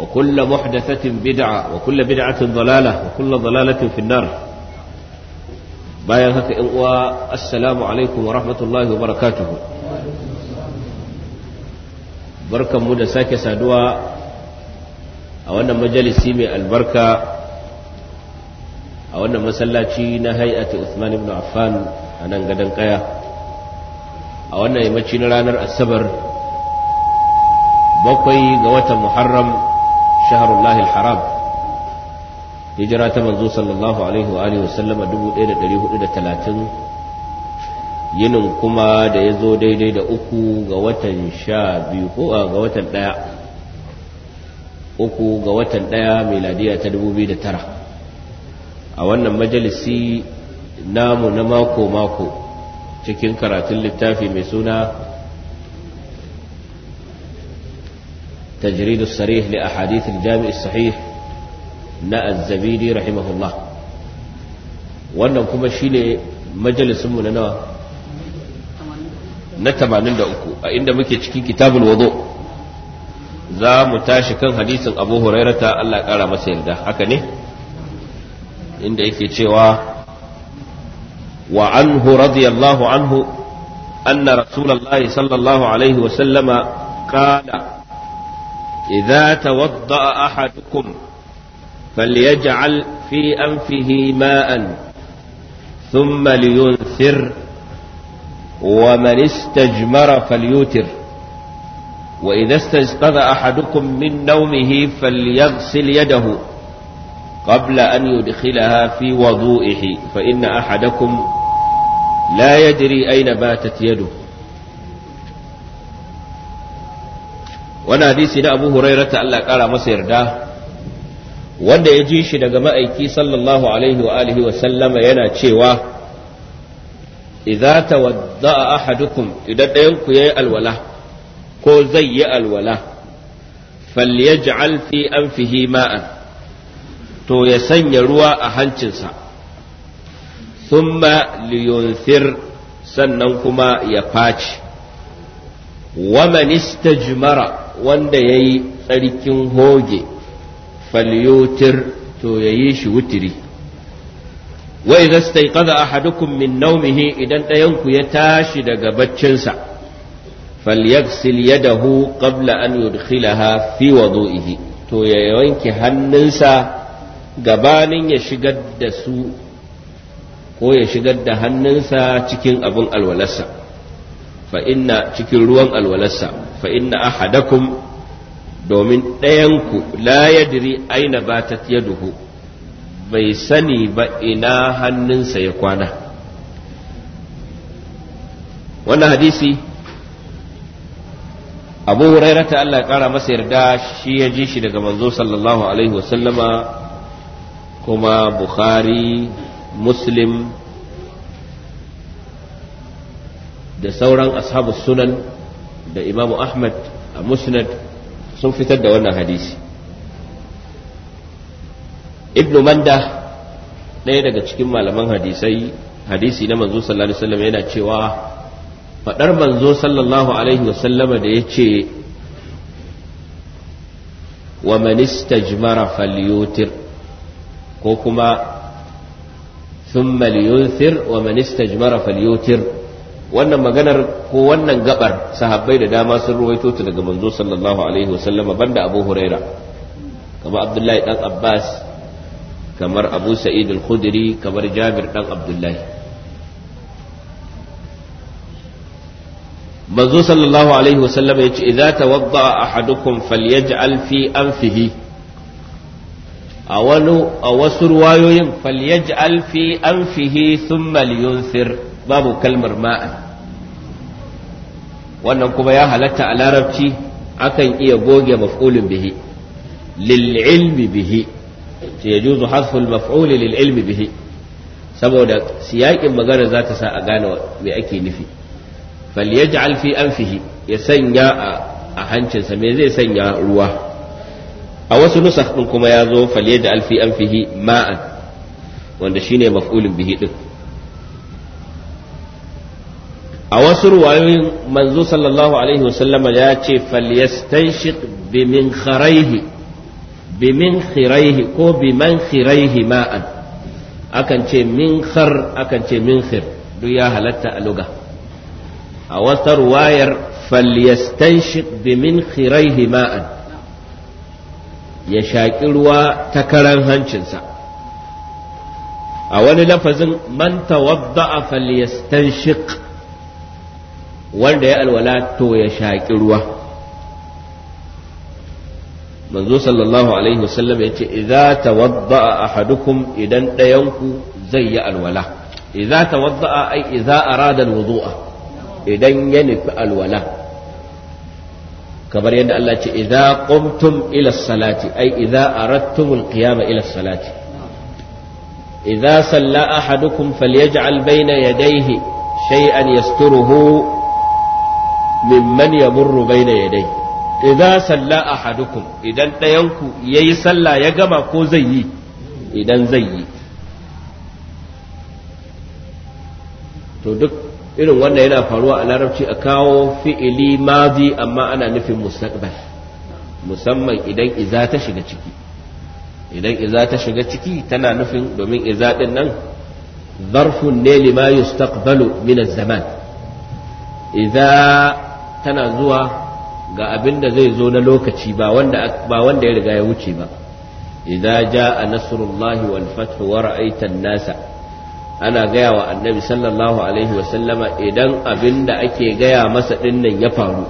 وكل محدثة بدعة وكل بدعة ضلالة وكل ضلالة في النار bayan haka ‘yan uwa assalamu alaikum wa rahmatullahi wa barakatuhu barkanmu da sake saduwa a wannan majalisi mai albarka a wannan masallaci na hay'ati Uthman ibn Affan a nan gadon kaya a wannan yammaci ranar asabar bakwai ga watan Muharram shaharullahi haram hijira ta manzo sallallahu alaihi wa alihi wasallama 1430 yinin kuma da ya zo daidai da uku ga watan sha biyu ko ga watan daya uku ga watan daya miladiya ta 2009 a wannan majalisi namu na mako-mako cikin karatun littafi mai suna تجريد الصريح لأحاديث الجامع الصحيح na azzabidi rahimahullah wannan kuma shi ne majalisunmu na nawa na 83 a inda muke cikin kitabul wazo za mu tashi kan hadisin abu hurairata allah kara masa yarda haka ne inda yake cewa wa anhu radiyallahu anhu anna rasulallahi sallallahu alaihi wasallama kala إذا توضأ أحدكم فليجعل في أنفه ماء ثم لينثر ومن استجمر فليوتر وإذا استيقظ أحدكم من نومه فليغسل يده قبل أن يدخلها في وضوئه فإن أحدكم لا يدري أين باتت يده wani hadisi na abu ta Allah kara masa yarda wanda ya ji shi daga ma'aiki sallallahu alaihi wa alihi wa sallama yana cewa idza tawadda'a ahadukum idan dayan ku yayi alwala ko zai yi alwala falyaj'al fi anfihi ma'an to ya sanya ruwa a hancinsa thumma liyunthir sannan kuma ya faci waman istajmara wanda ya yi tsarkin hoge falyotir to ya yi shi wutiri wai zastai kaza ahadukum hadukun min naumihi idan ɗayanku ya tashi daga baccinsa falyaksil yadahu qabla an yudkhilaha fi wadu'ihi to ya wanke hannunsa gabanin ya shigar da su ko ya shigar da hannunsa cikin abin alwalarsa fa inna cikin ruwan alwalarsa fa inna ahadakum domin ɗayanku la yadri aina batat yaduhu bai sani ba ina hannunsa ya kwana wannan hadisi abu huraira ta Allah ya kara masa yarda shi ya ji shi daga manzo sallallahu alaihi wasallama kuma bukhari muslim da sauran ashabu sunan da imamu ahmad a musnad sun fitar da wannan hadisi Ibnu manda ɗaya daga cikin malaman hadisai hadisi na manzo sallallahu alaihi wasallam yana cewa faɗar manzo sallallahu alaihi wasallama da ya ce wa man istajmara falyutir ko kuma sun liyuthir wa man istajmara falyutir wannan maganar ko wannan gabar sahabbai da dama sun ruwaito ta daga manzo sallallahu alaihi wasallama banda Abu Huraira kamar Abdullahi dan Abbas kamar Abu Sa'id al-Khudri kamar Jabir dan Abdullahi manzo sallallahu alaihi wasallama yace idza tawadda ahadukum falyaj'al fi anfihi a wani a wasu ruwayoyin falyaj'al fi anfihi thumma liyunthir babu kalmar ma'an wannan kuma ya halatta a larabci akan iya goge maf'ulin bihi lil'ilmi bihi ya juzu hasful maf'uli lil'ilmi bihi saboda siyaƙin magana za ta sa a gane me ake nufi falyaj'al fi anfihi ya sanya a hancinsa me zai sanya ruwa a wasu ɗin kuma ya zo falyaj'al fi anfihi ma'an wanda shine maf'ulin bihi din a wasu ruwayoyin manzo sallallahu alaihi wasallama ya ce falyastanshiq bimin kharaihi bimin khiraihi ko biman khiraihi ma'an akan ce min khar akan ce min khir duk ya halatta a luga a wata ruwayar falyastanshiq bimin khiraihi ma'an ya shaƙi ruwa ta karan hancinsa a wani lafazin man tawadda'a falyastanshiq wanda ya alwala to ya shaƙi ruwa manzo sallallahu alaihi wasallam ya ce idza tawadda'a ahadukum idan ɗayanku zai yi alwala idza tawadda'a ai idza arada alwudu'a idan ya nufi alwala kamar yadda Allah ce idza qumtum ila salati ai idza aradtum alqiyama ila salati idza salla ahadukum falyaj'al bayna yadayhi shay'an yasturuhu mimman yamurru baina yadai idza salla ahadukum idan ɗayanku yayi sallah ya gama ko zai yi idan zai yi to duk irin wannan yana faruwa a larabci a kawo fi'ili madi amma ana nufin mustaqbal musamman idan iza ta shiga ciki idan ta shiga ciki tana nufin domin iza din nan zarfun ne lima yustaqbalu min az-zaman idza tana zuwa ga abin da zai zo na lokaci ba wanda ya riga ya wuce ba idza jaa nasrullahi wal fathu wa ra'aita nasa ana gaya wa annabi sallallahu alaihi wa sallama idan abin da ake gaya masa dinnan ya faru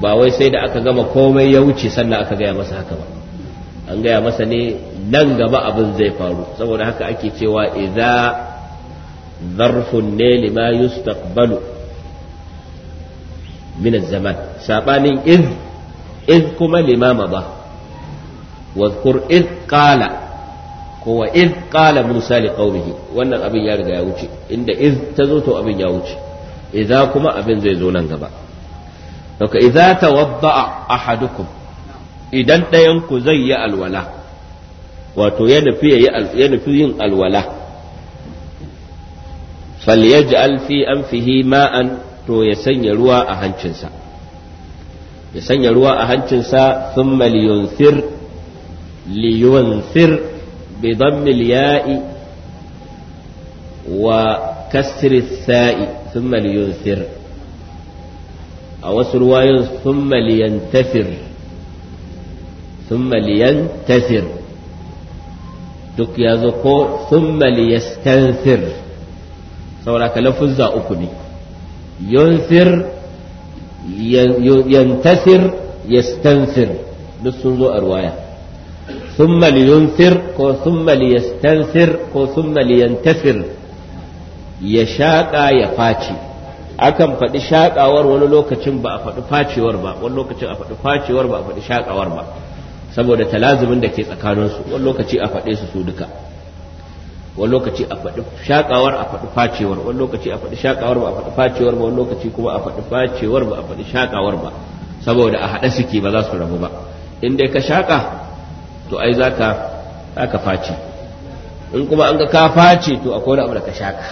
ba wai sai da aka gama komai ya wuce sannan aka gaya masa haka ba an gaya masa ne nan gaba abin zai faru saboda haka ake cewa idza zarfun ne lima yustaqbalu min zaman sabanin iz iz kuma limama ba wadhkur iz qala ko wa iz qala musa li qaumihi wannan abin ya riga ya wuce inda iz ta zo to abin ya wuce idza kuma abin zai zo nan gaba doka idza tawadda ahadukum idan ɗayan ku zai yi alwala wato ya nufi yin alwala falyaj'al fi anfihi ma'an to ya sanya ruwa a hancinsa ya sanya ruwa a hancinsa thumma liyunthir liyunthir bi dhammi al-ya'i wa kasri sa'i thumma liyunthir a wasu ruwayoyin thumma liyantafir thumma liyantafir duk ya zo ko thumma liyastanthir saboda ka lafuzza uku ne ينثر ينتثر يستنثر duk sun zo a ruwaya ثم لينثر ثم ليستنثر ثم لينتثر يشاقا يفاتي akan faɗi shaƙawar wani lokacin ba a faɗi facewar ba wani lokacin a faɗi facewar ba a faɗi shaƙawar ba saboda talazumin da ke tsakaninsu wani lokaci a faɗe su su duka wani lokaci a faɗi shakawar a faɗi facewar wani lokaci a faɗi shakawar ba a faɗi facewar ba wani lokaci kuma a faɗi facewar ba a faɗi shakawar ba saboda a haɗe suke ba za su rabu ba in dai ka shaka to ai za ka face in kuma an ga ka face to akwai wani abu da ka shaka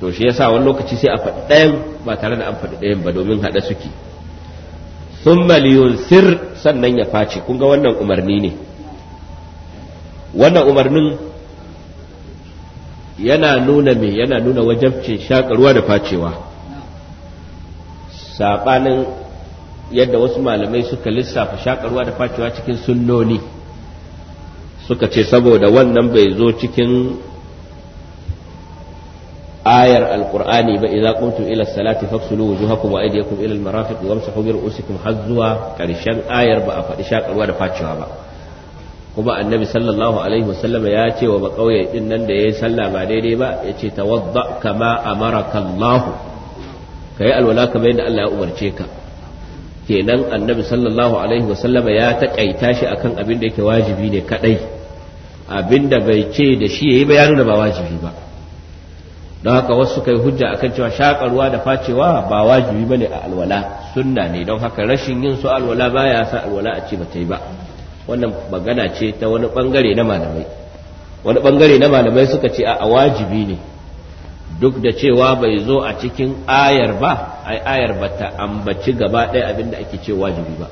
to shi yasa wani lokaci sai a faɗi ɗayan ba tare da an faɗi ɗayan ba domin haɗe suke sun maliyun sir sannan ya face kun ga wannan umarni ne wannan umarnin yana nuna me yana nuna wajabcin shakarwa da facewa saɓanin yadda wasu malamai suka lissafa shakarwa da facewa cikin sunnoni suka ce saboda wannan bai zo cikin ayar alkur'ani ba idza qumtum ila salati faghsulu wujuhakum wa aydiyakum ila almarafiq wamsahu bi ru'usikum har zuwa ƙarshen ayar ba a faɗi shakarwa da facewa ba kuma annabi sallallahu alaihi wasallam ya ce wa bakauye din nan da yi sallah ba daidai ba ya ce tawadda kama amaraka Allah kai alwala kamar yadda Allah ya umarce ka kenan annabi sallallahu alaihi wasallam ya takaita shi akan abin da yake wajibi ne kadai abin da bai ce da shi yayi ba ya nuna ba wajibi ba don haka wasu kai hujja akan cewa ruwa da facewa ba wajibi bane a alwala sunna ne don haka rashin yin su alwala baya sa alwala a ce ba ta yi ba wannan magana ce ta wani bangare na malamai wani bangare na malamai suka ce a wajibi ne duk da cewa bai zo a cikin ayar ba ai ayar ba ta ambaci gaba ɗaya abin da ake ce wajibi ba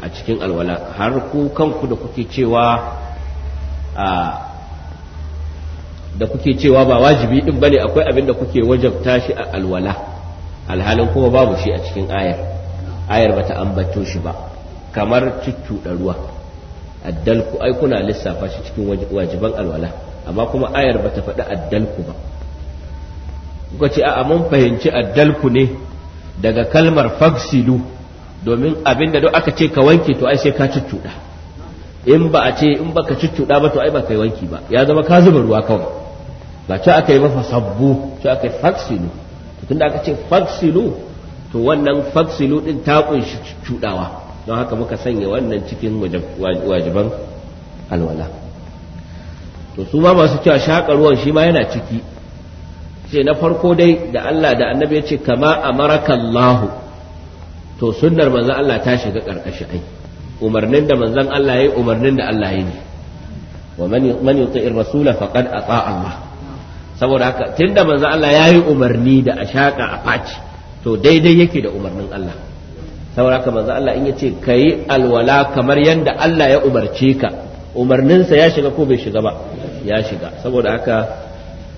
a cikin alwala har ku kanku da kuke cewa a da kuke cewa ba wajibi din bane akwai abin da kuke wajabta shi a alwala alhalin kuma babu shi a cikin ayar ayar ba ta ambato shi ba kamar cuccuɗa ruwa addalku ai kuna lissafa shi cikin wajiban alwala amma kuma ayar bata faɗi addalku ba kuka ce a'a mun fahimci addalku ne daga kalmar faksilu domin abinda duk aka ce ka wanke to ai sai ka cuccuɗa in ba a ce in baka cuccuɗa ba to ai ba kai wanki ba ya zama ka zuba ruwa kawai ba ce aka yi mafa sabbu ce aka yi faksilu tunda aka ce faksilu to wannan faksilu din ta kunshi cuɗawa don haka muka sanya wannan cikin wajiban alwala to su ma masu cewa shaƙa ruwan shi ma yana ciki ce na farko dai da Allah da annabi ya ce kama amaraka to sunnar manzan Allah ta shiga karkashi ai umarnin da manzan Allah yi umarnin da Allah yi wa man man yuti'ir rasula faqad ata Allah saboda haka tunda manzan Allah ya yi umarni da a shaƙa a faci to daidai yake da umarnin Allah saboda haka manzo Allah in yace kai alwala kamar yanda Allah ya umarce ka umarninsa ya shiga ko bai shiga ba ya shiga saboda haka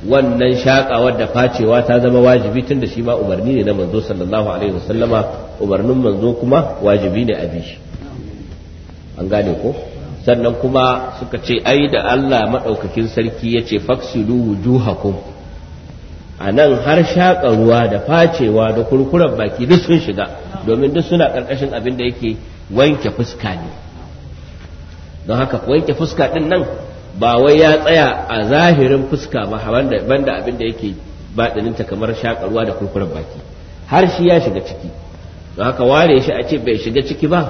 wannan shakawar da facewa ta zama wajibi tunda shi ma umarni ne na manzo sallallahu alaihi wasallama umarnin manzo kuma wajibi ne a bi shi an gane ko sannan kuma suka ce ai da Allah madaukakin sarki yace faksilu wujuhakum a nan har shaƙa ruwa da facewa da kurkuren baki duk sun shiga domin duk suna ƙarƙashin abin da yake wanke fuska ne don haka wanke fuska ɗin nan ba wai ya tsaya a zahirin fuska ba banda abin da yake baɗininta kamar shaƙa da kurkuren baki har shi ya shiga ciki don haka ware shi a ce bai shiga ciki ba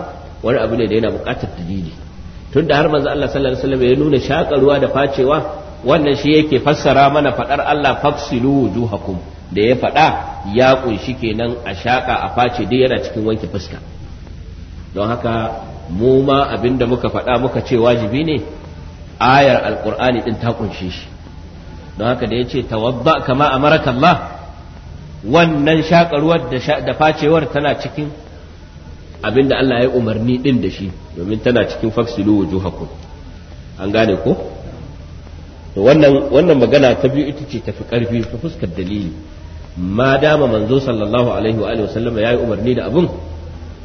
wani abu ne da yana buƙatar dalili tun da har manzo Allah sallallahu alaihi wasallam ya nuna shaƙa ruwa da facewa wannan shi yake fassara mana faɗar Allah fafsilu wujuhakum da ya faɗa ya ƙunshi kenan a shaƙa a face duk yana cikin wanke fuska don haka mu ma abinda muka faɗa muka ce wajibi ne ayar alƙur'ani ɗin ta kunshi shi don haka da ya ce tawadda kama a Allah wannan shaƙarwar da facewar tana cikin abinda Allah ya umarni ɗin da shi domin tana cikin fafsilu wujuhakum an gane ko to wannan wannan magana ta biyu ita ce tafi karfi ta fuskar dalili ma dama manzo sallallahu alaihi wa ya yi umarni da abun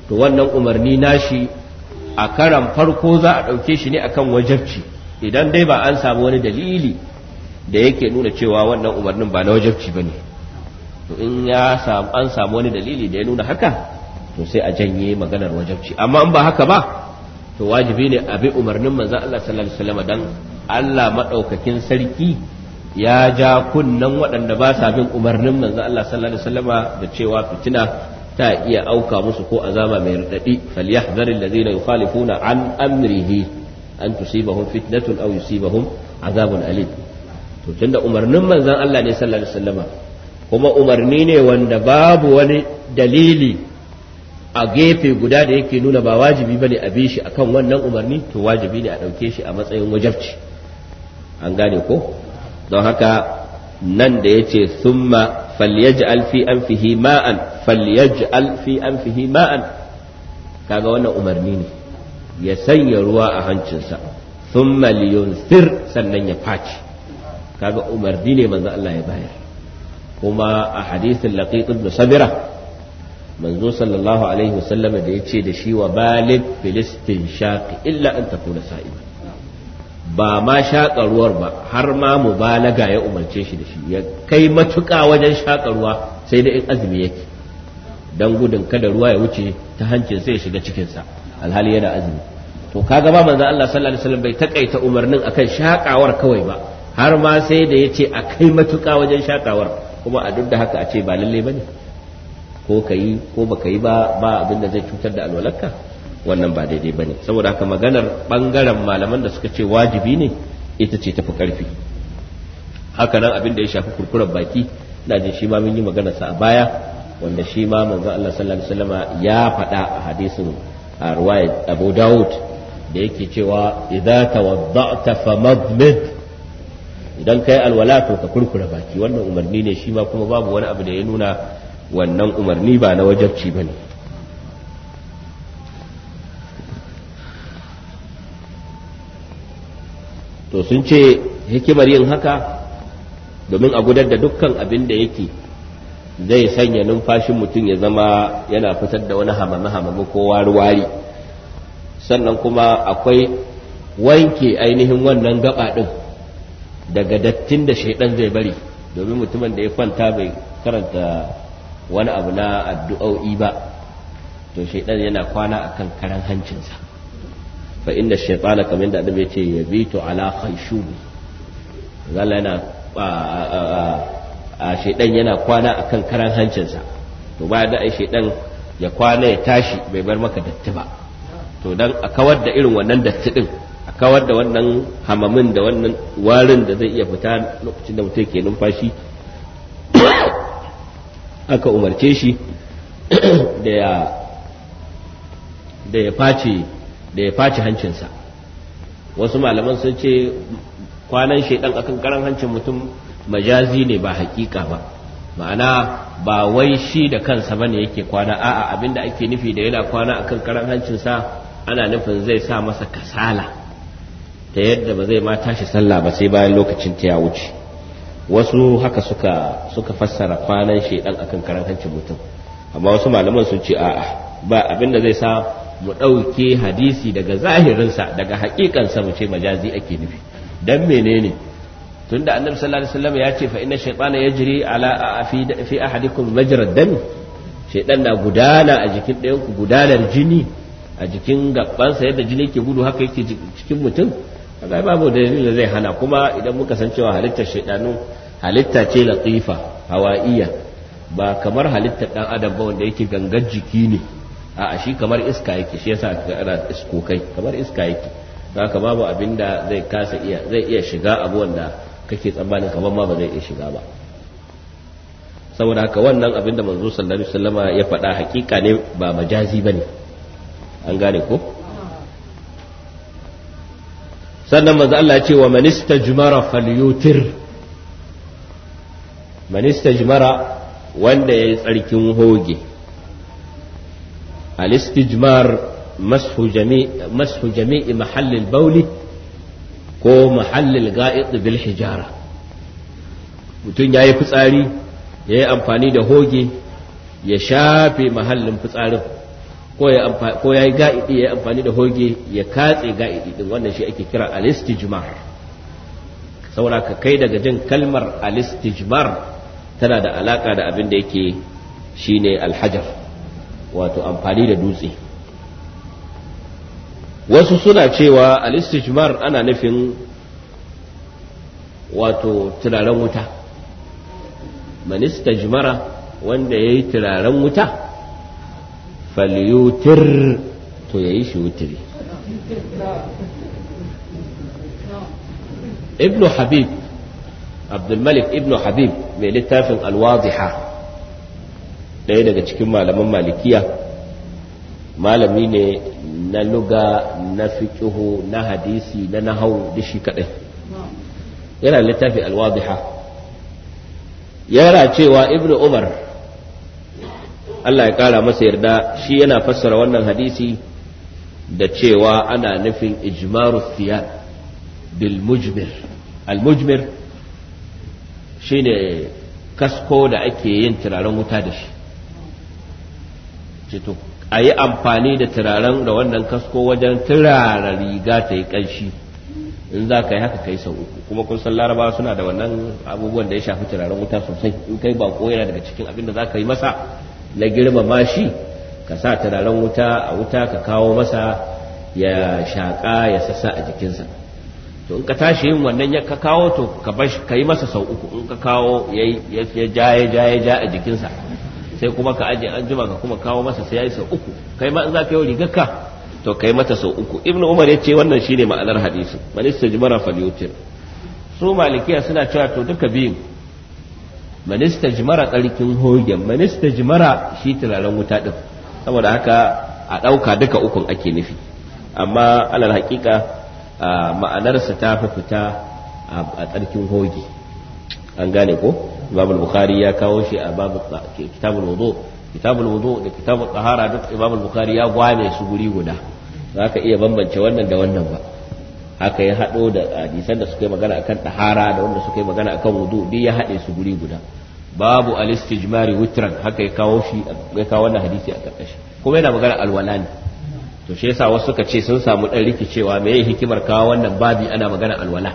to wannan umarni nashi a karan farko za a ɗauke shi ne akan wajabci idan dai ba an samu wani dalili da yake nuna cewa wannan umarnin ba na wajabci ba ne to in ya an samu wani dalili da ya nuna haka to sai a janye maganar wajabci amma in ba haka ba to wajibi ne a bi umarnin manzan Allah sallallahu alaihi wasallam dan Allah madaukakin sarki ya ja kunnan waɗanda ba sa bin umarnin manzan Allah sallallahu alaihi wasallam da cewa fitina ta iya auka musu ko azaba mai radadi falyahzaril ladina yukhalifuna an amrihi an tusibahum fitnatun aw yusibahum azabun alim to tunda umarnin manzan Allah ne sallallahu alaihi wasallam kuma umarni ne wanda babu wani dalili a gefe guda da yake nuna ba wajibi bane a bi shi akan wannan umarni to wajibi ne a ɗauke shi a matsayin wajabci an gane ko don haka nan da yace thumma falyaj'al fi anfihi ma'an falyaj'al fi anfihi ma'an kaga wannan umarni ne ya sanya ruwa a hancinsa thumma liyunthir sannan ya faci kaga umarni ne manzo Allah ya bayar kuma a hadisin laqiq ibn sabira manzo sallallahu alaihi wasallama da ya ce da shi wa balik filistin shaqi illa an takuna sa'ima ba ma shaƙa ruwar ba har ma mubalaga ya umarce shi da shi ya kai matuƙa wajen shaƙa ruwa sai da in azumi yake dan gudun kada ruwa ya wuce ta hancin sai ya shiga cikin cikinsa alhali yana azumi to kaga ba manzo Allah sallallahu alaihi wasallam bai takaita umarnin akan shaƙawar kawai ba har ma sai da yace ce a kai matuƙa wajen shaƙawar kuma a duk da haka a ce ba lalle bane ne ko ka yi ko baka yi ba ba abin da zai cutar da alwalarka wannan ba daidai ba ne saboda haka maganar ɓangaren malaman da suka ce wajibi ne ita ce tafi karfi haka nan abin da ya shafi kurkuren baki na jin shi ma mun yi sa a baya wanda shi ma manzo Allah sallallahu alaihi wasallam ya faɗa a hadisin a ruwaya Abu Dawud da yake cewa idza tawadda'ta famadmid idan kai alwala to ka kurkura baki wannan umarni ne shi ma kuma babu wani abu da ya nuna wannan umarni ba na wajabci ba ne to sun ce hikimar yin haka domin a gudar da dukkan abin da yake zai sanya numfashin mutum ya zama yana fitar da wani hamame-hamame ko wari-wari sannan kuma akwai wanke ainihin wannan gaba ɗin daga dattin da shaidan zai bari domin mutumin da ya kwanta bai karanta wani abu na addu'o'i ba to shaitan yana kwana akan karan hancinsa fa inda shaitana kamar da adam yace to ala khayshumi zalla yana a shaitan yana kwana akan karan hancinsa to ba da ai shaitan ya kwana ya tashi bai bar maka datti ba to dan a kawar da irin wannan datti din a kawar da wannan hamamin da wannan warin da zai iya fita lokacin da mutum ke numfashi aka umarce shi da ya faci face da ya face hancinsa wasu malaman sun ce kwanan shaidan akan karan hancin mutum majazi ne ba hakika ba ma'ana ba wai shi da kansa bane yake kwana a'a abinda ake nufi da yana kwana akan karan hancinsa ana nufin zai sa masa kasala ta yadda ba zai ma tashi sallah ba sai bayan lokacin ta ya wuce wasu haka suka suka fassara kwanan shedan akan karan hancin mutum amma wasu malaman sun ce a'a ba abin da zai sa mu ɗauke hadisi daga zahirin sa daga hakikansa mu ce majazi ake nufi dan menene tunda annabi sallallahu alaihi wasallam ya ce fa inna shaytana yajri ala fi fi ahadikum majra dam shaytan na gudana a jikin ɗayan ku gudanar jini a jikin sa yadda jini ke gudu haka yake cikin mutum kaga babu dalilin da zai hana kuma idan muka san cewa halittar shaidanu halitta ce latifa hawaiya ba kamar halittar dan adam ba wanda yake gangar jiki ne a shi kamar iska yake shi yasa ka ana iskokai kamar iska yake haka babu abinda zai kasa iya zai iya shiga abu wanda kake tsammanin kamar ma ba zai iya shiga ba saboda haka wannan abin da manzo sallallahu alaihi ya faɗa hakika ne ba majazi bane an gane ko sannan maza Allah ce wa man jimara falyutir man jimara wanda ya yi tsarkin hoge alistijmar istijmar mashu jami'i mahallil bauli ko mahallin ga'id bil hijara mutum ya yi fitsari ya yi amfani da hoge ya shafe mahallin fitsarin ko ya yi ga'idi ya yi amfani da hoge ya katse ga'idi din wannan shi ake kira alistijmar saboda ka kai daga jin kalmar alistijmar tana da alaka da abin da yake shine alhajar wato amfani da dutse wasu suna cewa alistijmar ana nufin wato turaren wuta manistajmara wanda ya yi turaren wuta falyutir to yayi shi wutiri ibnu habib abdulmalik ibnu habib mai littafin alwadiha ɗaya daga cikin malaman malikiya malami ne na luga na fiƙihu na hadisi na nahau da shi kaɗai yana littafi alwadiha yana cewa ibnu umar Allah ya kara masa yarda shi yana fassara wannan hadisi da cewa ana nufin ijmaru thiyab bil mujmir al mujmir shine kasko da ake yin turaren wuta da shi cito a yi amfani da turaren da wannan kasko wajen turara riga ta yi ƙanshi in za ka yi haka kai sau uku kuma kun san larabawa suna da wannan abubuwan da ya shafi turaren wuta sosai in kai ba yana daga cikin abin da za ka yi masa na girmama shi ka sa turaren wuta a wuta ka kawo masa ya shaƙa ya sassa a jikinsa to in ka tashi yin wannan ya ka kawo to ka yi masa sau uku in ka kawo ya ja ya ja ya ja a jikinsa sai kuma ka aje an jima ka kuma kawo masa sai ya yi sau uku kai ma in za ka yi rigarka to ka yi mata sau uku ibnu umar ya ce wannan shine ma'anar hadisi manista jimara falyutir su malikiya suna cewa to duka biyun manista jimara tsarkin hogen manista jimara shi turaren wuta ɗin saboda haka a ɗauka duka ukun ake nufi amma alal haƙiƙa ma'anarsa ta fi fita a tsarkin hoge an gane ko babul bukhari ya kawo shi a babu kitabul wudu kitabul wudu da kitabul tsahara duk babul bukhari ya gwame su guri guda za ka iya bambance wannan da wannan ba haka ya haɗo da hadisan da suka yi magana akan ɗahara da wanda suka yi magana akan wudu duk ya haɗe su guri guda babu al-istijmari witran haka ya kawo shi ya kawo wannan hadisi a karkashi kuma yana magana alwala ne to shi yasa wasu suka ce sun samu dan rikicewa me hikimar kawo wannan babi ana magana alwala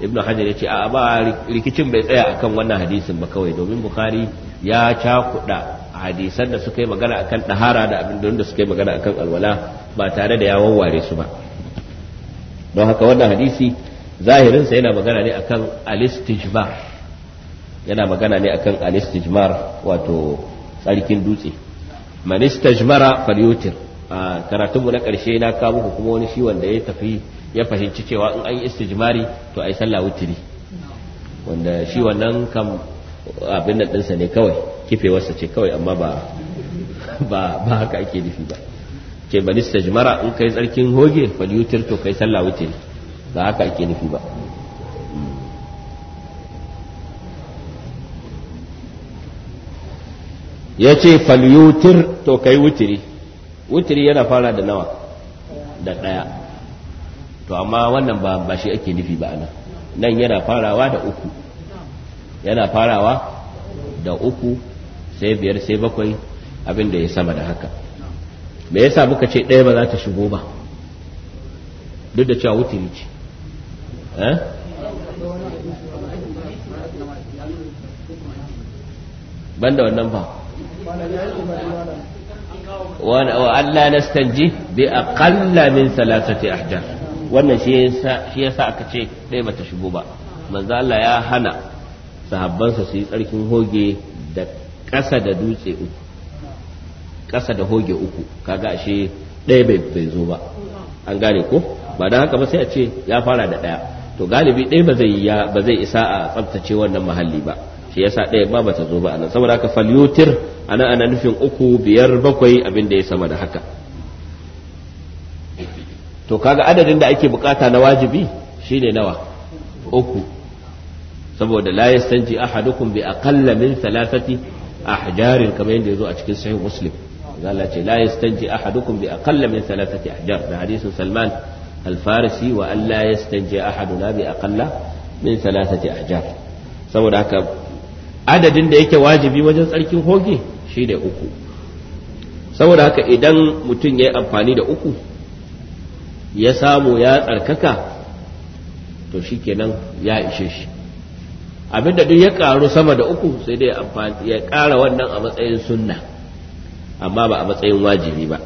ibnu hajar ya ce a ba rikicin bai tsaya akan wannan hadisin ba kawai domin bukhari ya cakuɗa hadisan da suka yi magana akan dahara da abin da suka yi magana akan alwala ba tare da ya wawware su ba don haka wannan hadisi zahirinsa yana magana ne akan alistijmar yana magana ne akan alistijmar wato tsarkin dutse man istajmara falyutir a karatunmu na karshe na kawo muku kuma wani shi wanda ya tafi ya fahimci cewa in an yi istijmari to ai sallah wutiri wanda shi wannan kam abin da ɗinsa ne kawai kife kifewarsa ce kawai amma ba ba haka ake nufi ba ce bani stajmara in kai tsarkin hoge falyutir to kai sallah wutiri ba haka ake nufi ba ya ce falyutir to kai wutiri wutiri yana fara da nawa da ɗaya to amma wannan ba ba shi ake nufi ba ana nan yana farawa da uku yana farawa da uku sai biyar sai bakwai abinda ya sama da haka me yasa muka ce ɗaya ba za ta shigo ba duk da cewa wuturi ce eh? ban da wannan ba wa Allah na stanji bi aqalla min salasati ahjar wannan shi yasa aka ce ɗaya ba ta shigo ba manzo Allah ya hana sahabbansa su yi tsarkin hoge da ƙasa da dutse uku ƙasa da hoge uku kaga ashe ɗaya bai zo ba an gane ko ba dan haka ba sai a ce ya fara da ɗaya to galibi ɗaya ba zai ya ba zai isa a tsaftace wannan muhalli ba shi yasa ɗaya ba ba ta zo ba anan saboda haka falyutir ana ana nufin uku biyar bakwai abin da ya sama da haka to kaga adadin da ake bukata na wajibi shine nawa uku saboda la yastanji ahadukum bi aqalla min thalathati ahjarin kamar yadda yazo a cikin sahih muslim zala ce la yastanji ahadukum bi aqalla min thalathati ahjar da hadisin salman al-farisi wa an la yastanji ahaduna bi aqalla min thalathati ahjar saboda haka adadin da yake wajibi wajen tsarkin hoge shine uku saboda haka idan mutum ya yi amfani da uku ya samu ya tsarkaka to ya ishe shi abinda duk ya karu sama da uku sai dai ya kara wannan a matsayin sunna amma ba a matsayin wajibi ba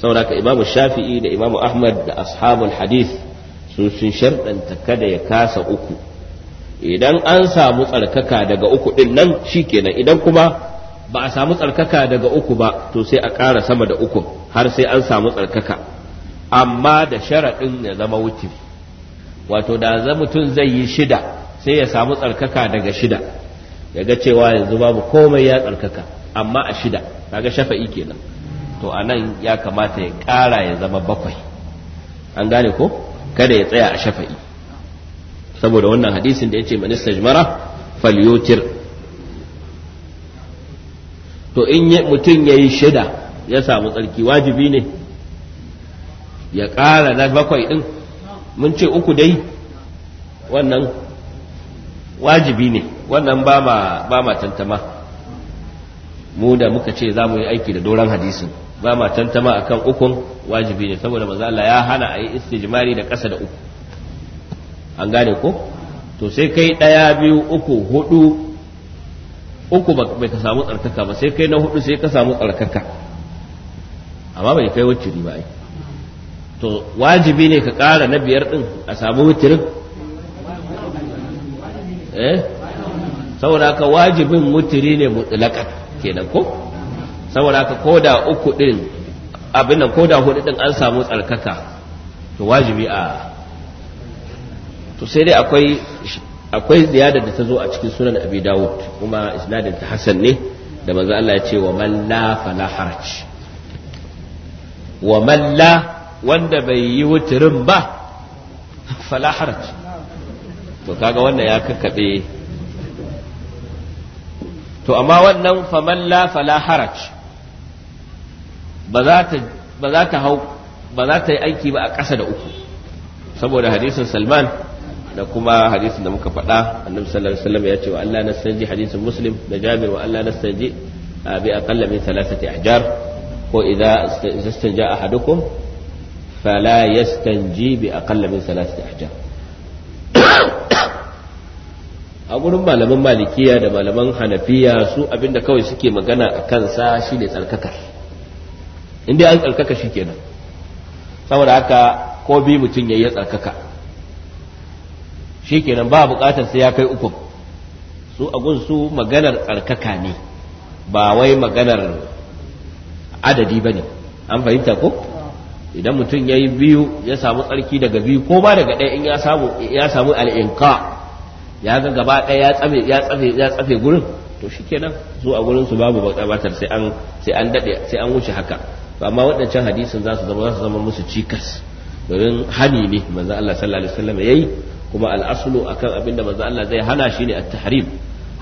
saboda ka imamu shafi'i da imamu ahmad da ashabul hadith sun sun sharɗanta kada ya kasa uku idan an samu tsarkaka daga uku ɗin nan kenan idan kuma ba a samu tsarkaka daga uku ba to sai a ƙara sama da uku har sai an samu tsarkaka amma da sharaɗin ya zama wutiri wato da za mutum zai yi shida sai ya samu tsarkaka daga shida yaga cewa yanzu babu komai ya tsarkaka amma a shida kaga shafa'i kenan to a nan ya kamata ya ƙara ya zama bakwai an gane ko kada ya tsaya a shafa'i saboda wannan hadisin da ya ce minista jimara falyotir, to in mutum ya yi shida ya samu tsarki wajibi ne ya ƙara na bakwai ɗin mun ce uku dai wannan wajibi ne wannan ba ma tantama mu da muka ce za mu yi aiki da doron hadisin ba ma tantama akan ukun wajibi ne saboda manzo Allah ya hana a yi istijmari da ƙasa da uku an gane ko to sai kai ɗaya biyu uku hudu uku bai ka samu tsarkaka ba sai kai na hudu sai ka samu tsarkaka amma bai kai wuturi ba to wajibi ne ka ƙara na biyar ɗin a samu wuturin eh saboda ka wajibin wuturi ne mutlaƙan kenan ko saboda haka koda uku din abin nan koda hudu din an samu tsarkaka to wajibi a to sai dai akwai akwai ziyada da ta zo a cikin sunan abi dawud kuma isnadin ta hasan ne da manzo Allah ya ce wa man la fala haraj wa man la wanda bai yi wuturin ba fala haraj to kaga wannan ya kakkabe to amma wannan faman la fala haraj ba za ta hau ba za ta yi aiki ba a ƙasa da uku saboda hadisin salman da kuma hadisin da muka faɗa annabi sallallahu alaihi wasallam ya ce wa Allah nastaji hadisin muslim da jabir wa Allah nastaji bi aqalla min thalathati ahjar ko idza istanja ahadukum fala yastanji bi aqalla min thalathati ahjar a gurin malaman malikiya da malaman hanafiya su abinda kawai suke magana a kansa shi ne tsarkaka inda an tsarkaka shi kenan saboda haka ko bi mutum ya ya tsarkaka shi kenan ba bukatar sai ya kai uku su a su maganar tsarkaka ne ba wai maganar adadi ba ne. an fahimta ko idan mutum ya yi biyu ya samu tsarki daga biyu ko ba daga ɗaya in ya samu ya samu ya ga gaba ɗaya ya tsafe ya tsafe gurin to shikenan a gurin su babu batar sai an sai an dade sai an wuce haka amma waɗancan hadisin za su zama za su zama musu cikas domin hani ne manzo Allah sallallahu alaihi wasallam yayi kuma al-aslu akan abin da manzo Allah zai hana shi ne at-tahrim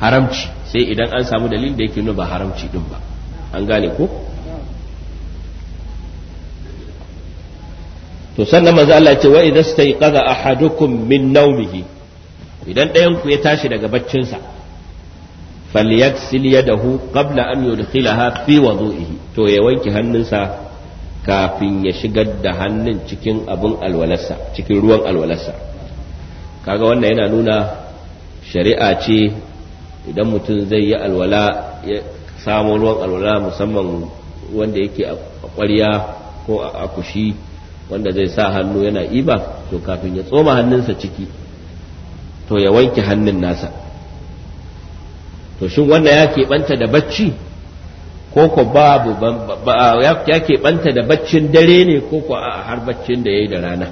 haramci sai idan an samu dalilin da yake nuna ba haramci din ba an gane ko to sannan manzo Allah ya ce wa idza stayqaza ahadukum min nawmihi idan ɗayan ku ya tashi daga baccinsa falyaksil yadahu qabla an yudkhilaha fi wudu'ihi to ya wanke hannunsa kafin ya shigar da hannun cikin abin alwalarsa cikin ruwan alwalarsa kaga wannan yana nuna shari'a ce idan mutum zai yi alwala ya samo ruwan alwala musamman wanda yake a ƙwarya ko a akushi wanda zai sa hannu yana iba to kafin ya tsoma hannunsa ciki to ya wanke hannun nasa to shin wannan ya banta da bacci ko ko babu ya keɓanta da baccin dare ne ko ko a har baccin da ya yi da rana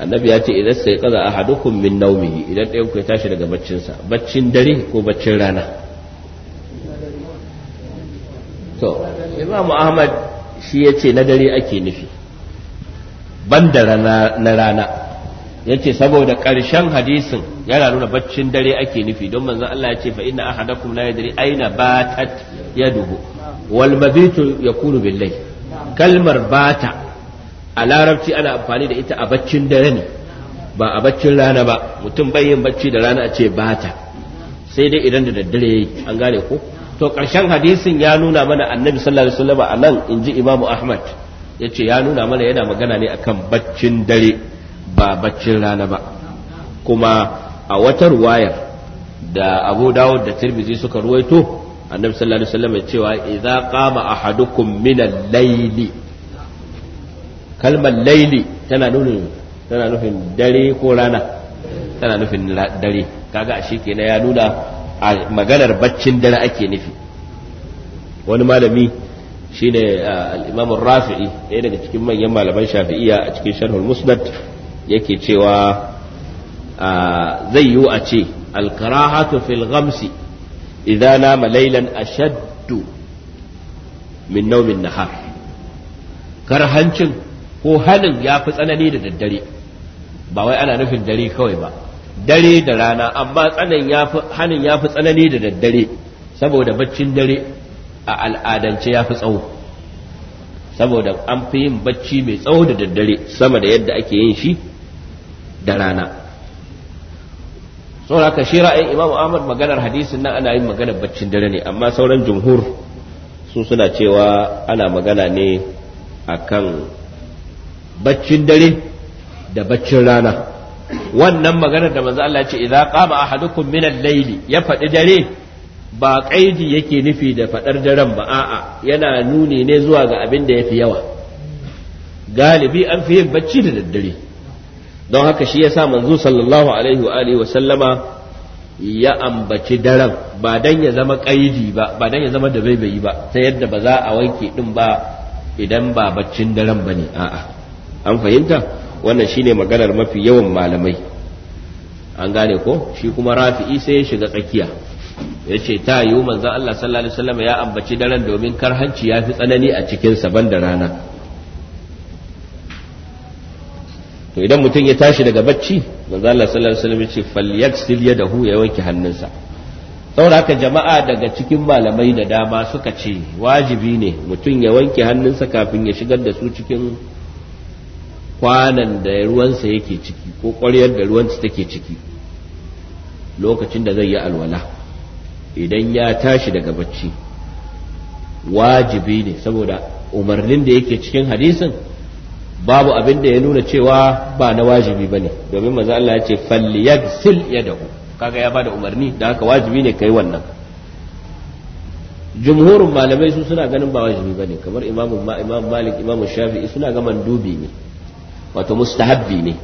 annabi ya ce idan sai kaza a hadukun min naumi idan ɗayan ku ya tashi daga baccinsa baccin dare ko baccin rana to imamu ahmad shi ya ce na dare ake nufi ban da na rana yace saboda karshen hadisin yana nuna baccin dare ake nufi don manzon Allah ya ce fa inna ahadakum la yadri aina batat yaduhu wal mabitu yakunu bil layl kalmar bata a larabci ana amfani da ita a baccin dare ne ba a baccin rana ba mutum bai yin bacci da rana a ce bata sai dai idan da daddare yayi an gane ko to karshen hadisin ya nuna mana annabi sallallahu alaihi wasallam a nan inji imamu ahmad yace ya nuna mana yana magana ne akan baccin dare ba baccin rana ba kuma a wata ruwayar da abu dawud da tirmizi suka ruwaito annabi sallallahu alaihi wasallam ya cewa idza qama ahadukum min al-layli kalmar layli tana nufin tana nufin dare ko rana tana nufin dare kaga ashe ya nuna a maganar baccin dare ake nufi wani malami shine ah, al-imam rafi'i ɗaya daga cikin manyan malaman shafi'iyya a cikin sharhul musnad yake cewa ah, zai yiwu a ce alkarahatu fil ghamsi idza nama laylan ashaddu min naumin nahar karhancin ko hanin ya fi tsanani da daddare ba wai ana nufin dare kawai ba dare da rana amma tsanan hanin ya fi tsanani da daddare saboda baccin dare a al'adance ya fi tsawo saboda an fi yin bacci mai tsawo da daddare sama da yadda ake yin shi da rana saboda ka shi ra'ayin imamu ahmad maganar hadisin nan ana yin maganar baccin dare ne amma sauran jumhur su suna cewa ana magana ne akan baccin dare da baccin rana wannan maganar da manzo Allah ce idza qama ahadukum min al-layli ya faɗi dare ba kaidi yake nufi da faɗar daren ba a'a yana nuni ne zuwa ga abin da yafi yawa galibi an fi yin bacci da daddare don haka shi ya sa manzo sallallahu alaihi wa alihi wa sallama ya ambaci daren ba dan ya zama kaidi ba ba dan ya zama da baibayi ba ta yadda ba za a wanke din ba idan ba baccin daren bane a'a an fahimta wannan shine maganar mafi yawan malamai an gane ko shi kuma rafi'i sai ya shiga tsakiya ya ce ta yiwu manzan Allah sallallahu alaihi wasallam ya ambaci daren domin karhanci ya fi tsanani a cikin saban da rana to idan mutum ya tashi daga bacci manzo Allah sallallahu alaihi wasallam ya ce falyaksil yadahu ya wanke hannunsa saboda haka jama'a daga cikin malamai da dama suka ce wajibi ne mutum ya wanke hannunsa kafin ya shigar da su cikin kwanan da ruwansa yake ciki ko ƙwaryar da ruwansa take ciki lokacin da zai yi alwala idan ya tashi daga bacci wajibi ne saboda umarnin da yake cikin hadisin babu abin da ya nuna cewa ba na wajibi ba ne domin maza Allah ya ce ya dahu kaga ya ba da umarni da haka wajibi ne kai wannan jumhurin malamai su suna ganin ba wajibi ba ne kamar imamu malik imamu shafi'i suna ga mandubi ne wato mustahabbi ne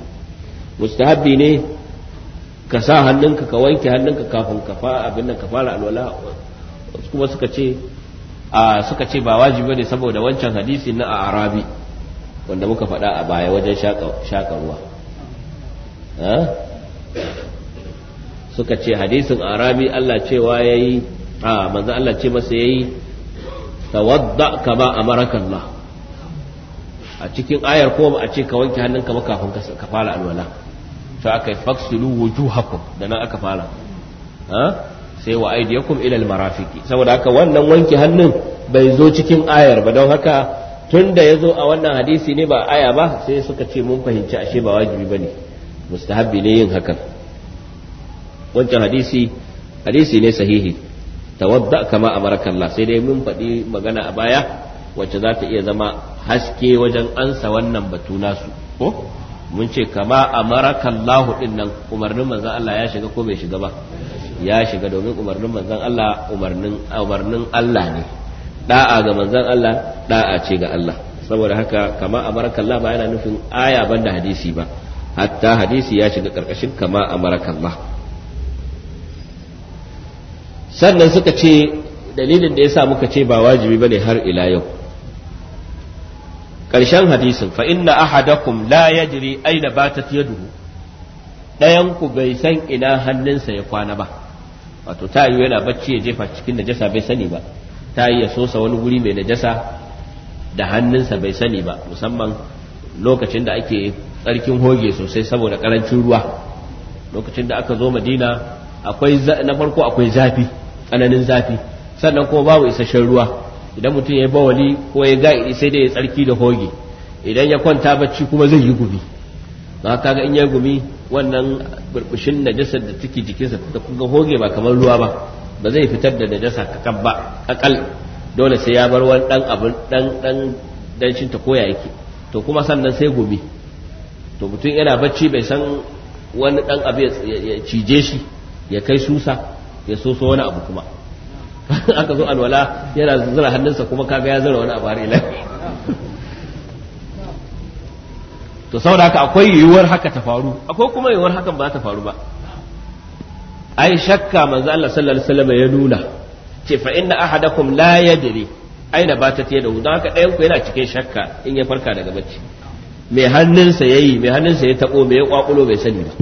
mustahabbi ne ka sa hannunka ka wanke hannunka kafin ka fara abin nan ka fara alwala kuma suka ce suka ce ba wajibi ne saboda wancan hadisi na a arabi wanda muka faɗa a baya wajen shaƙa ruwa suka ce hadisin arami Allah cewa ya yi a manzan Allah ce masa ya yi tawadda wadda ka ba a cikin ayar kuma a ce ka wanke hannun ka makafin ka fara alwala ta aka yi faksilu haku da nan aka fara sai wa aidiyakum ilal marafiki saboda haka wannan wanke hannun bai zo cikin ayar ba don haka tun da ya zo a wannan hadisi ne ba aya ba sai suka ce mun fahimci ashe ba wajibi ba ne mustahabbi ne yin hakan wancan hadisi hadisi ne sahihi tawadda kama a Allah sai dai mun faɗi magana a baya wacce za ta iya zama haske wajen ansa wannan batu nasu ko mun ce kama a Allah din nan umarnin manzon Allah ya shiga ko bai shiga ba ya shiga domin umarnin manzon Allah umarnin Allah ne da'a ga manzon Allah da'a ce ga Allah saboda haka kama Allah ba yana nufin aya banda hadisi ba hatta hadisi ya shiga karkashin kama Allah sannan suka ce dalilin da ya sa muka ce ba wajibi bane har ila yau ƙarshen hadisin fa inna ahadakum la yajri aina batat yaduhu dayan ku bai san ina hannunsa ya kwana ba wato ta yana bacci ya jefa cikin najasa bai sani ba ta iya sosa wani guri mai najasa da hannunsa bai sani ba musamman lokacin da ake tsarkin hoge sosai saboda karancin ruwa lokacin da aka zo madina akwai na farko akwai zafi tsananin zafi sannan kuma babu isasshen ruwa idan mutum ya yi bawali ko ya ga'idi sai dai ya tsarki da hoge idan ya kwanta bacci kuma zai yi gumi ba kaga in ya gumi wannan burbushin najasar da take jikinsa da kun hoge ba kamar ruwa ba ba zai fitar da najasa kakab ba akal dole sai ya bar wani dan abu dan dan danshin ta koya yake to kuma sannan sai gobe to mutum yana bacci bai san wani dan abu ya cije shi ya kai susa ya soso wani abu kuma aka zo alwala yana zura hannunsa kuma kaga ya zura wani abu har ila to saboda haka akwai yiwuwar haka ta faru akwai kuma yiwuwar hakan ba ta faru ba ai shakka manzo Allah sallallahu alaihi wasallam ya nuna ce fa inna ahadakum la yadri aina ta yadahu don haka ɗayan ku yana cikin shakka in ya farka daga bacci mai hannunsa yayi mai hannunsa ya tabo mai ya kwakulo bai sani ba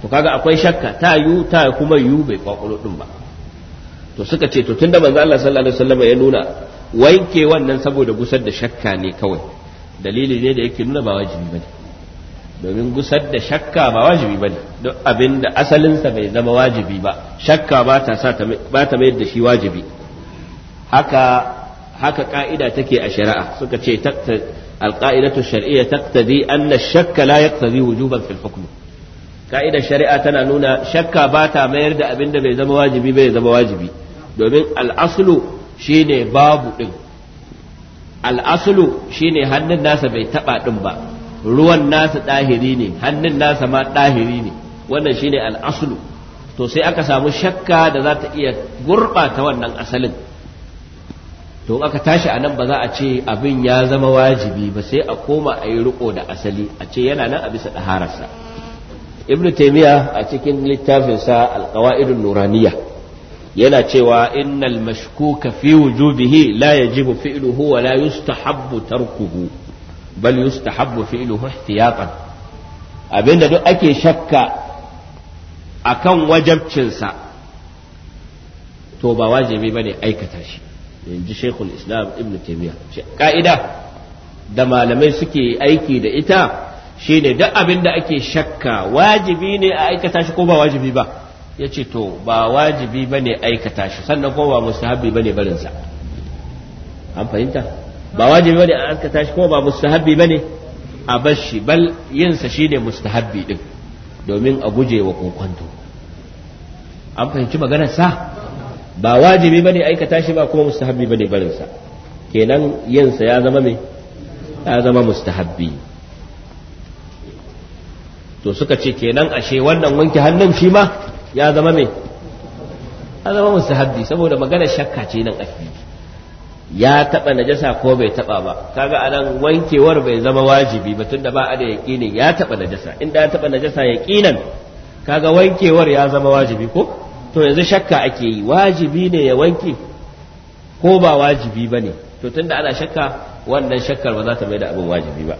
to kaga akwai shakka ta yu ta kuma yu bai kwakulo din ba to suka ce to tunda manzo Allah sallallahu alaihi wasallam ya nuna wanke wannan saboda gusar da shakka ne kawai dalili ne da yake nuna ba wajibi bane domin gusar da shakka ba wajibi ba ne duk abin da asalinsa bai zama wajibi ba shakka ba ta mayar da shi wajibi haka haka ka'ida take a shari'a suka ce alƙa'idatu shar'iyya taqtadi anna shakka la yaqtadi wujuban fil hukm ka'idar shari'a tana nuna shakka ba ta mayar da abin da bai zama wajibi bai zama wajibi domin al'aslu shine babu din al'aslu shine hannun nasa bai taba din ba ruwan nasa ɗahiri ne hannun nasa ma ɗahiri ne wannan shine al'aslu to sai aka samu shakka da za ta iya gurɓata wannan asalin to aka tashi anan ba za a ce abin ya zama wajibi ba sai a koma a yi riko da asali a ce yana nan a bisa ɗahararsa ibn taimiyya a cikin littafinsa alƙawa'idun nuraniya yana cewa innal mashkuka fi wujubihi la yajibu fi'luhu wa la yustahabbu tarkuhu bal yustahabbu fi'luhu ihtiyatan abinda duk ake shakka akan wajabcinsa to ba wajibi ba ne aikata shi Yanzu shekul islam ibn taimiyya. ka'ida da malamai suke aiki da ita shine duk abinda ake shakka wajibi ne a aikata shi ko ba wajibi ba ya ce to ba wajibi ba ne aikata shi sannan ko ba Habbi ba ne barinsa an fahimta ba wajibi bane a askata shi kuma ba mustahabbi bane a bar shi bal yin sa shine mustahabbi din domin a guje wa kokonto an fahimci maganar sa ba wajibi bane aikata shi ba kuma mustahabbi bane barin sa kenan yin sa ya zama me ya zama mustahabbi to suka ce kenan ashe wannan wanke hannun shi ma ya zama me ya zama mustahabbi saboda maganar shakka ce nan a fili ya taba najasa ko bai taba ba kaga anan wankewar bai zama wajibi ba tunda ba a da yaqinin ya taba najasa da ya taba najasa yaqinan kaga wankewar ya zama wajibi ko to yanzu shakka ake yi wajibi ne ya wanke ko ba wajibi bane to tunda ana shakka wannan shakkar ba za ta mai da abin wajibi ba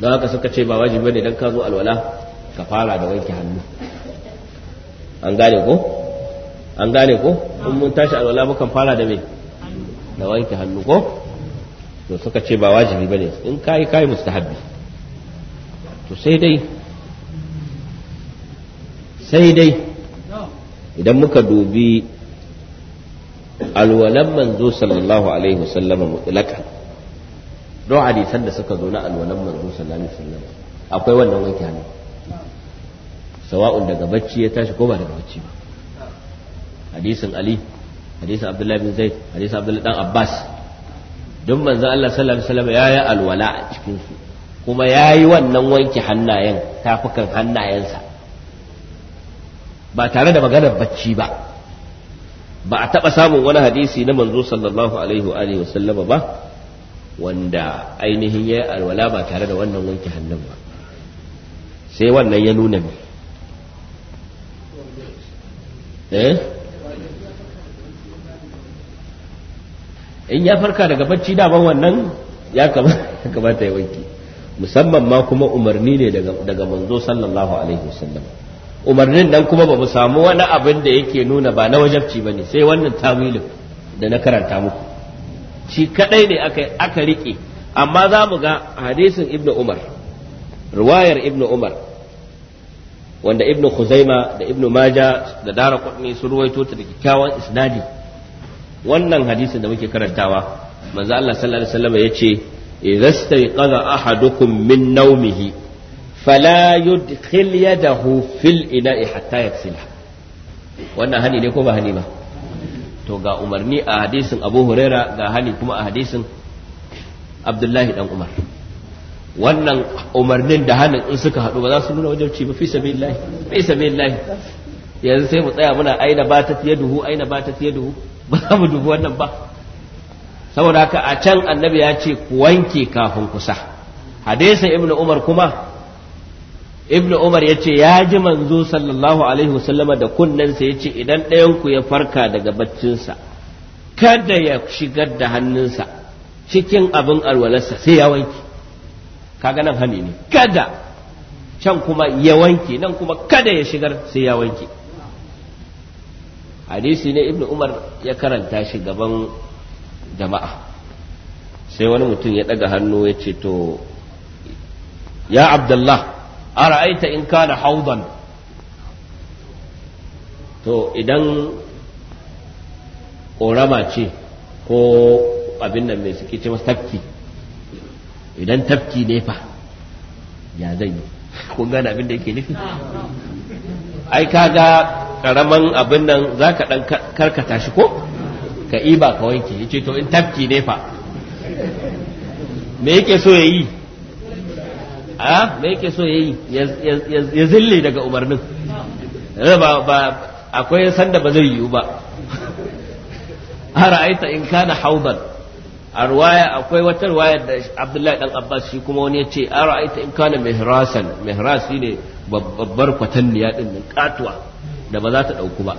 don haka suka ce ba wajibi bane dan ka zo alwala ka fara da wanke hannu an gane ko an gane ko in mun tashi alwala mukan fara da me da wanke hannu ko to suka ce ba wajibi bane in kai kai mustahabbi to sai dai sai dai idan muka dubi alwalan manzo sallallahu alaihi wasallam mutlaka do hadisan da suka zo na alwalan manzo sallallahu alaihi wasallam akwai wannan wanke hannu sawa'un daga bacci ya tashi ko ba daga bacci ba hadisin ali hadisin abdullahi bin zaid hadisin abdullahi dan abbas duk manzon Allah sallallahu alaihi wasallam yayi alwala a cikin su kuma yayi wannan wanke hannayen tafukan hannayensa ba tare da maganar bacci ba ba a taɓa samun wani hadisi na manzo sallallahu alaihi wa alihi wasallama ba wanda ainihin yayi alwala ba tare da wannan wanke hannun ba sai wannan ya nuna me eh in ya farka daga bacci ban wannan ya kamata ya wanke musamman ma kuma umarni ne daga manzo sallallahu alaihi wasallam umarnin nan kuma ba mu samu wani abin da yake nuna ba na wajabci ba ne sai wannan tawilin da na karanta muku shi kadai ne aka rike amma za mu ga hadisin ibnu umar ruwayar ibnu umar wanda ibnu khuzaima da ibnu maja da dara kudni sun ruwaito ta da kyakkyawan isnadi wannan hadisin da muke karantawa manzo Allah sallallahu alaihi wasallam yace idza stayqadha ahadukum min nawmihi fala yudkhil yadahu fil ina'i hatta yaghsilha wannan hani ne ko ba hani ba to ga umarni a hadisin Abu Huraira ga hani kuma a hadisin Abdullahi dan Umar wannan umarnin da hannun in suka haɗu ba za su nuna wajen ba fi sabilillahi fi sabilillahi yanzu sai mu tsaya muna aina batat yaduhu aina batat yaduhu ba za mu dubi wannan ba saboda haka a can annabi ya ce ku wanke kafin kusa hadisin ibnu umar kuma ibnu umar ya ce ya ji manzo sallallahu alaihi wasallama da kunnensa ya ce idan ku ya farka daga baccinsa kada ya shigar da hannunsa cikin abin alwalarsa sai ya wanke kaga nan hani ne kada can kuma ya wanke nan kuma kada ya shigar sai ya wanke hadisi ne ibnu umar ya karanta shi gaban jama'a sai wani mutum ya daga hannu ya ce to ya abdullah ara'aita in kana haudan to idan orama ce ko abin nan mai suke ce tafki idan tafki ne fa ya zai yi kun gane abin da yake nufi ai kaga karaman abin nan za ka ɗan karkata shi ko ka iba ka wanke ya ce to in tafki ne fa me yake so ya yi a me yake so ya yi ya zille daga umarnin eh, ba akwai sanda ba zai yiwu ba ra'aita in kana hauban a ruwaya akwai wata ruwaya da abdullahi dan abbas shi kuma wani ya ce a ra'aita in kana mihrasan mihras shine babbar kwatanniya din nan katuwa da ba za ta ɗauku ba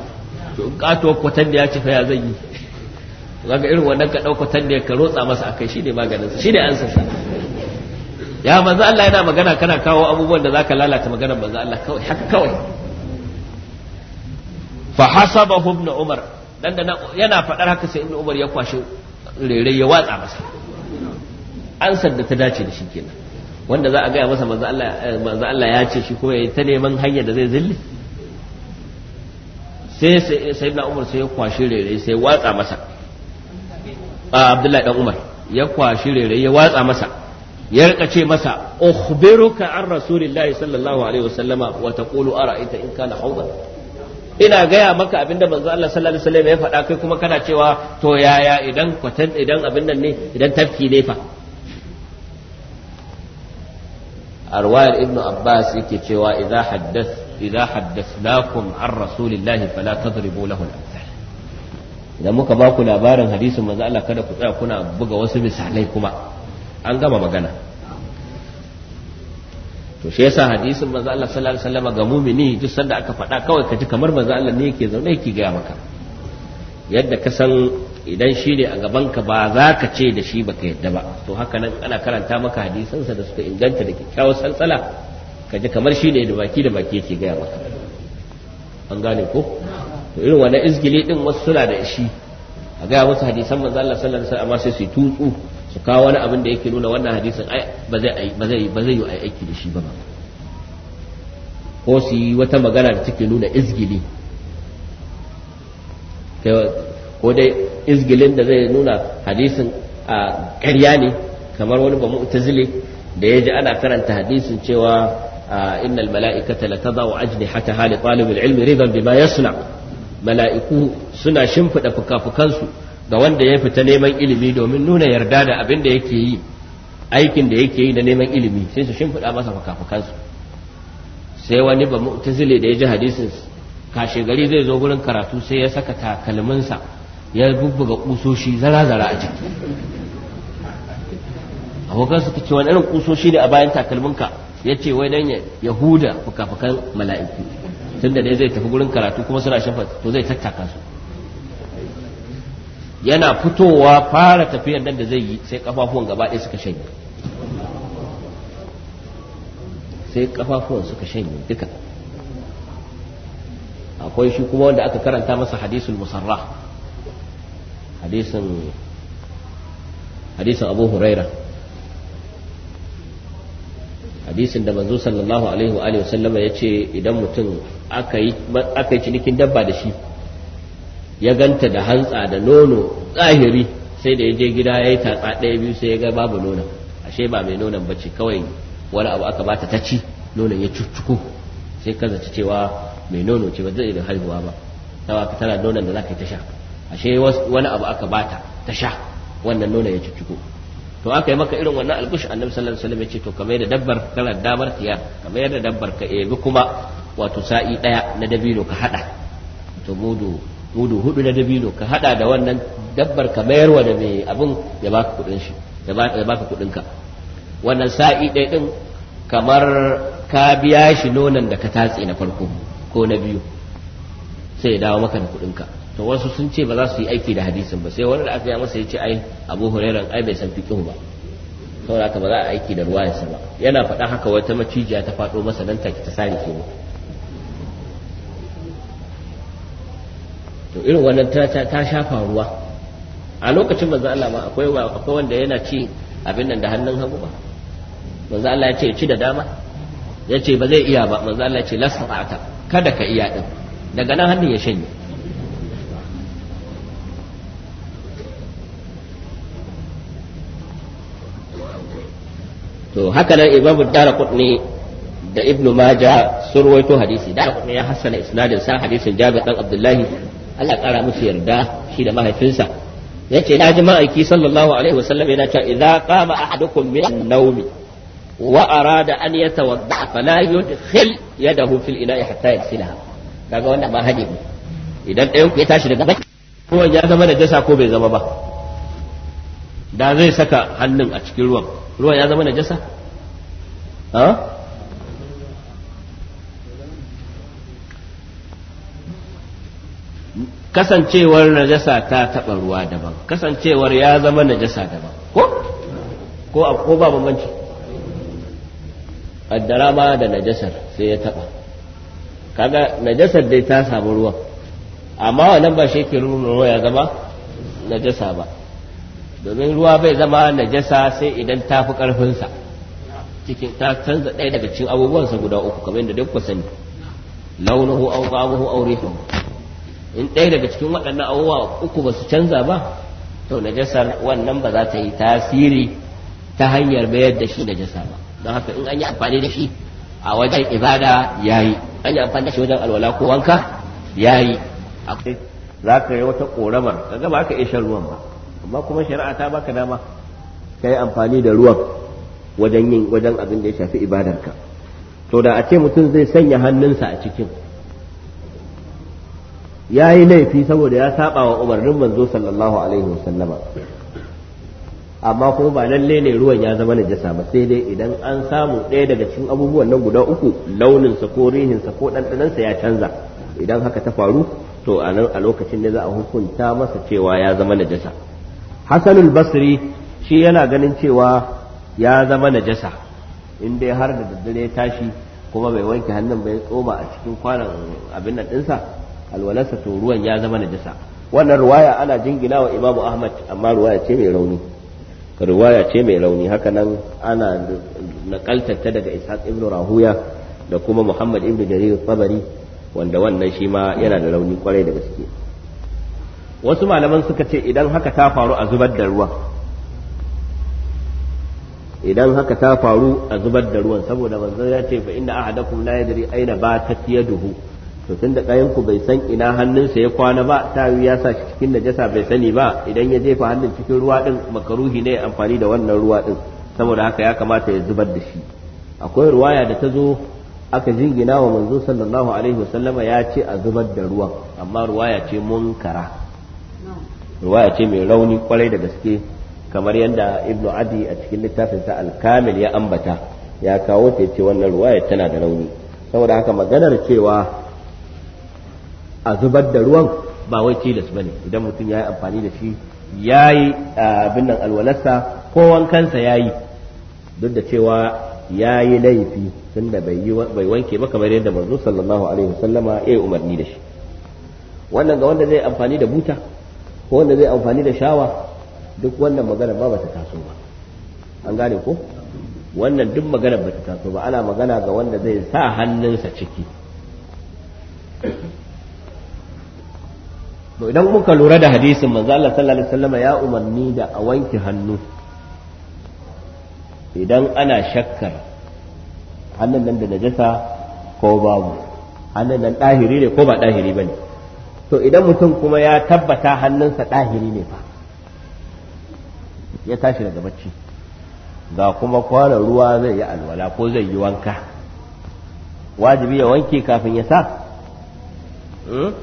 to in katuwar kwatan da ya ci fa ya zan yi kaga irin wannan ka ɗauka tan da ka rotsa masa akai shi ne maganin shi ne ansa sa ya manzo Allah yana magana kana kawo abubuwan da zaka lalata magana manzo Allah kawai haka kawai fa hasaba ibn umar dan da yana fadar haka sai ibn umar ya kwashi rere ya watsa masa ansar da ta dace da shi kenan wanda za a gaya masa manzo Allah eh, manzo Allah ya ce shi kuma ya ta neman hanyar da zai zille sai sai na umar sai ya kwashi rere sai watsa masa a abdullahi dan umar ya kwashi rere ya watsa masa ya rika ce masa ukhbiruka an rasulillahi sallallahu alaihi wasallama wa taqulu ara'aita in kana hawdan ina gaya maka abinda manzo Allah sallallahu alaihi wasallam ya faɗa kai kuma kana cewa to yaya idan kwatan idan abin nan ne idan tafki ne fa arwayar ibnu abbas yake cewa idza haddath idza haddathnakum an rasulillahi fala tadribu lahu al idan muka baku labarin hadisin manzo Allah kada ku tsaya kuna buga wasu misalai kuma an gama magana to shi yasa hadisin manzo Allah sallallahu alaihi wasallam ga mumini duk sanda aka faɗa kawai ka ji kamar manzo Allah ne yake zaune yake gaya maka yadda ka san idan shi ne a gaban ka ba za ka ce da shi baka yadda ba to haka nan ana karanta maka hadisansa da suka inganta da kyakkyawar santsala Ka kaje kamar shi ne da baki da baki yake gaya maka an gane ko to irin wannan izgili din wasu suna da shi a gaya musu hadisan manzo Allah sallallahu alaihi wasallam sai su tutsu su kawo wani abin da yake nuna wannan hadisin ai ba zai ba zai ba zai yi aiki da shi ba ba ko su wata magana da take nuna izgili ko dai izgilin da zai nuna hadisin a ƙarya ne kamar wani ba mu'tazili da ya ji ana karanta hadisin cewa innal mala'ikata wa tadau ajnihataha hali talibil ilmi ridan bima yasna mala'iku suna shimfida fukafukansu ga wanda ya fita neman ilimi domin nuna yarda da abin da yake yi aikin da yake yi da neman ilimi sai su shimfiɗa masa fukafukansu sai wani ba mu'tazile da ya ji hadisin kashe gari zai zo gurin karatu sai ya saka takalminsa ya bubbuga kusoshi zara-zara a jiki abokan ta ce wani irin kusoshi ne a bayan takalminka ya ce wai dan yahuda fukafukan mala'iku tunda dai zai tafi gurin karatu kuma suna shafa to zai tattaka su yana fitowa fara tafiyar nan da zai yi sai kafafuwan gaba ɗaya suka shanye sai kafafuwan suka shanye duka akwai shi kuma wanda aka karanta masa hadisul musarra hadisin hadisin abu huraira hadisin da manzo sallallahu alaihi wa alihi wasallama yace idan mutum aka yi aka yi cinikin dabba da shi ya ganta da hantsa da nono tsahiri sai da ya je gida yayi yi tatsa ɗaya biyu sai ya ga babu nonon ashe ba mai nonon bace kawai wani abu aka bata ta ci nonon ya cuccuku sai ka zaci cewa mai nono ce ba zai da haihuwa ba sawa ka tana nonon da za ka ta sha ashe wani abu aka bata ta sha wannan nonon ya cuccuku to aka yi maka irin wannan algush annabi sallallahu alaihi wasallam ya ce to kamar da dabbar kana damar tiya kamar da dabbar ka ebi kuma wato sa'i daya na dabino ka hada to mudu mudu hudu na dabino ka hada da wannan dabbar ka mayarwa da mai abin ya baka kudin shi ya baka kudin ka wannan sa'i daya din kamar ka biya shi nonon da ka tatse na farko ko na biyu sai ya dawo maka da kudin ka to wasu sun ce ba za su yi aiki da hadisin ba sai wani da aka yi masa ya ce ai abu hurairan ai bai san fiqh ba saboda haka ba za a aiki da ruwa ya ba yana faɗa haka wata macijiya ta faɗo masa nan take ta sani ke to irin wannan ta shafa ruwa a lokacin manzo Allah ma akwai akwai wanda yana ci abin nan da hannun hagu ba manzo Allah ya ce ci da dama ya ce ba zai iya ba manzo Allah ya ce ta kada ka iya din daga nan hannun ya shanye to haka nan imamu daraqutni da ibnu majah sun ruwaito hadisi daraqutni ya hassana isnadin sa hadisin jabir dan abdullahi Allah kara musu yarda shi da mahaifinsa yace na ji ma'aiki sallallahu alaihi wasallam yana cewa idza qama ahadukum min an-nawmi wa arada an yatawadda fala yudkhil yadahu fil ina'i hatta yaghsilaha daga wannan ba hadisi idan ɗayan ku ya tashi daga bacci ko ya zama da jasa ko bai zama ba da zai saka hannun a cikin ruwan ruwan ya zama najasa ha? kasancewar najasa ta taba ruwa daban kasancewar ya zama najasa daban ko ko ko ba bambanci addara ma da najasar sai ya taba kaga najasar dai ta samu ruwan amma wannan ba shi ke ruwa ya zama najasa ba domin ruwa bai zama najasa sai idan ta fi ƙarfinsa cikin ta canza ɗaya daga cikin abubuwansa guda uku kamar yadda duk ku sani launuhu aw ta'amuhu aw rihuhu in ɗaya daga cikin waɗannan abubuwa uku ba su canza ba to najasar wannan ba za ta yi tasiri ta hanyar bayar da shi najasa ba don haka in an yi amfani da shi a wajen ibada yayi an yi amfani da shi wajen alwala ko wanka yayi akwai za ka yi wata ƙoramar ka ba ka iya shan ruwan ba amma kuma shari'a ta baka dama ka yi amfani da ruwan wajen yin wajen abin da ya shafi ibadarka to da a ce mutum zai sanya hannunsa a cikin ya yi laifi saboda ya saba wa umarnin manzo sallallahu alaihi wasallama amma kuma ba lalle ne ruwan ya zama najasa ba sai dai idan an samu ɗaya daga cikin abubuwan nan guda uku launinsa ko rihinsa ko ɗanɗanansa ya canza idan haka ta faru to a lokacin ne za a hukunta masa cewa ya zama najasa Hassanul basri shi yana ganin cewa ya zama najasa in dai har da daddare ya tashi kuma bai wanke hannun bai tsoba a cikin kwanan abin nan ɗinsa alwalasa to ruwan ya zama najasa wannan ruwaya ana jingina wa imamu ahmad amma ruwaya ce mai rauni ruwaya ce mai rauni haka nan ana nakaltatta daga ishaq ibnu rahuya da kuma muhammad ibnu jarir tabari wanda wannan shi ma yana da rauni kwarai da gaske wasu malaman suka ce idan haka ta faru a zubar da ruwan idan haka ta faru a zubar da ruwan saboda manzo ya ce fa inna ahadakum la yadri aina ba ta yaduhu to tunda kayanku ku bai san ina hannunsa ya kwana ba ta ya sa shi cikin najasa bai sani ba idan ya jefa hannun cikin ruwa din makaruhi ne amfani da wannan ruwa din saboda haka ya kamata ya zubar da shi akwai ruwaya da ta zo aka jingina wa manzo sallallahu alaihi wasallama ya ce a zubar da ruwan amma ruwaya ce munkara ruwaya ce mai rauni kwarai da gaske kamar yadda ibn adi a cikin littafin sa al ya ambata ya kawo ta ce wannan ruwaya tana da rauni saboda haka maganar cewa a zubar da ruwan ba wai tilas bane idan mutum ya yi amfani da shi ya yi abin nan alwalarsa ko wankansa ya yi duk da cewa ya yi laifi tunda bai wanke ba kamar yadda manzo sallallahu alaihi wasallama ya yi umarni da shi wannan ga wanda zai amfani da buta ko wanda zai amfani da shawa duk wannan magana ba ta taso ba an gane ko wannan duk magana ba ta taso ba ana magana ga wanda zai sa hannunsa ciki to idan muka lura da hadisin manzo Allah sallallahu alaihi wasallam ya umarni da a wanke hannu idan ana shakkar hannun nan da najasa ko babu hannun nan ɗahiri ne ko ba ɗahiri ba to idan mutum kuma ya tabbata hannunsa ɗahiri ne fa ya tashi daga bacci ga kuma kwana ruwa zai yi alwala ko zai yi wanka wajibi ya wanke kafin ya sa hmm?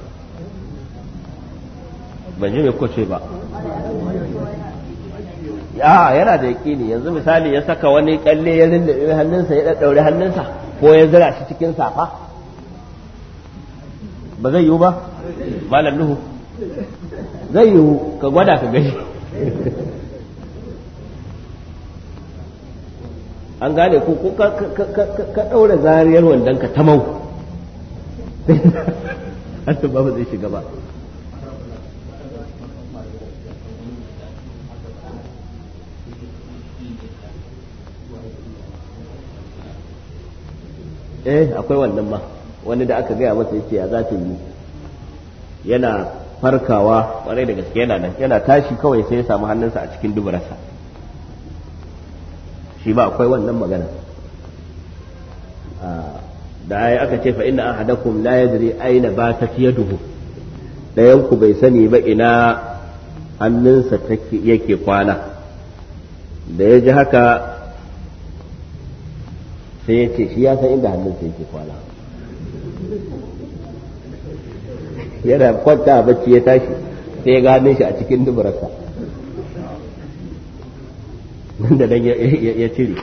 ban ji me kuka ba ya yana da ne, yanzu misali ya saka wani kyalle ya lullube hannunsa ya ɗaɗɗaure hannunsa ko ya zira shi cikin safa ba zai yiwu ba malam nuhu zai yiwu ka gwada ka gani an gane ko ko ka ɗaura zariyar wandon ka tamau hatta ba zai shiga ba eh akwai wannan ma wani da aka gaya masa yake ya za ta yi yana farkawa kwarai da gaske yana nan yana tashi kawai sai ya samu hannunsa a cikin duburarsa shi ba akwai wannan magana ah, da aka ce fa inna ahadakum la yadri aina batat yaduhu dayan ku bai sani ba ina hannunsa take yake kwana da ya ji haka sai ya ce shi ya san inda hannunsa yake kwana yana kwanta a bacci ya tashi sai ya gane shi a cikin duburarsa nan da dan ya cire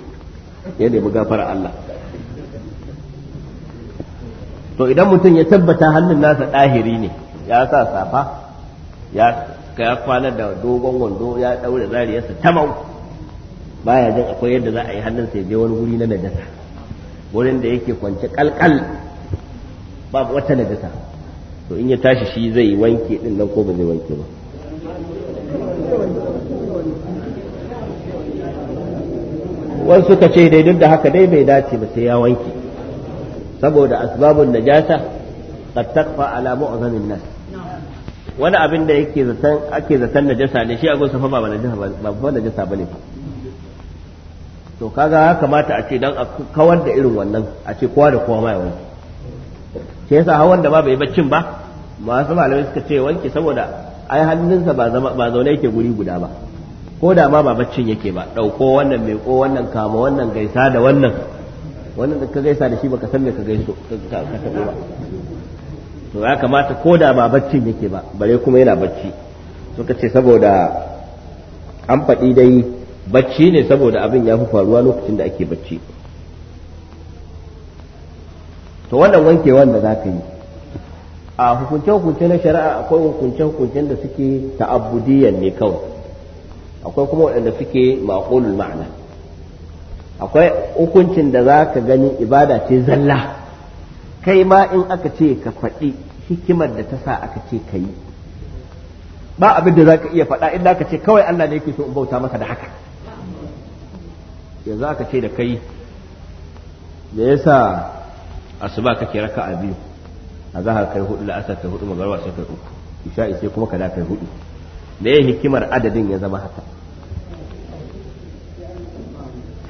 ya nemi gafara Allah to idan mutum ya tabbata hannun nasa ɗahiri ne ya sa safa ya kwana da dogon wando ya ɗaure zariyarsa tamau baya jin akwai yadda za a yi hannun sai je wani wuri na najasa wurin da yake kwance kalkal babu wata najasa to in ya tashi shi zai wanke din nan ko ba zai wanke ba wasu suka ce dai duk da haka dai bai dace ba sai ya wanke saboda asbabun najasa qad taqfa ala mu'zamin nas wani abin da yake zaton ake zaton najasa ne shi a gonsa fa ba najasa ba ba najasa bane fa to kaga ya kamata a ce dan a kawar da irin wannan a ce kowa da kowa ma ya wanke ke yasa hawan da ba bai baccin ba masu malamai suka ce wanki saboda ai hannunsa ba ba zaune yake guri guda ba ko da ma ba baccin yake ba dauko wannan mai ko wannan kama wannan gaisa da wannan wannan da ka gaisa da shi baka san me ka gaiso ka taɓa ba to ya kamata ko da ba baccin yake ba bare kuma yana bacci suka ce saboda an faɗi dai bacci ne saboda abin ya fi faruwa lokacin da ake bacci to wannan wankewan da za ka yi a hukunce-hukunce na shari'a akwai hukunce-hukuncen da suke ta'abbudiyan ne kawai akwai kuma waɗanda suke maqulul ma'ana akwai hukuncin da za ka gani ibada ce zalla kai ma in aka ce ka faɗi hikimar da ta sa aka ce ka yi ba abin da za ka iya faɗa inda ka ce kawai Allah ne yake so in bauta masa da haka yanzu aka ce da kai me yasa asuba kake a biyu a zahar kai hudu la'asar kai hudu magarwa sai kai uku isha'i sai kuma da kai hudu da ya hikimar adadin ya zama haka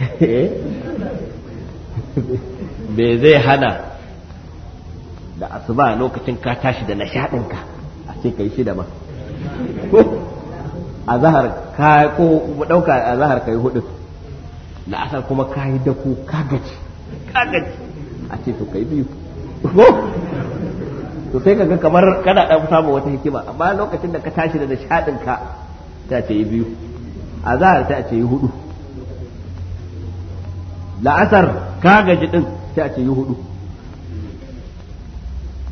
eh? me zai hana da asuba lokacin ka tashi da nashaɗinka a ce kai shida ma a zahar ka ko ɗauka a zahar kai hudu la'asar asar kuma ka yi dako ka gaji ka gaji a ce to kai biyu ko to sai ga kamar kana dan samu wata hikima amma lokacin da ka tashi da nishadin ka ta ce yi biyu a zahar ta ce yi hudu la'asar ka gaji din ta ce yi hudu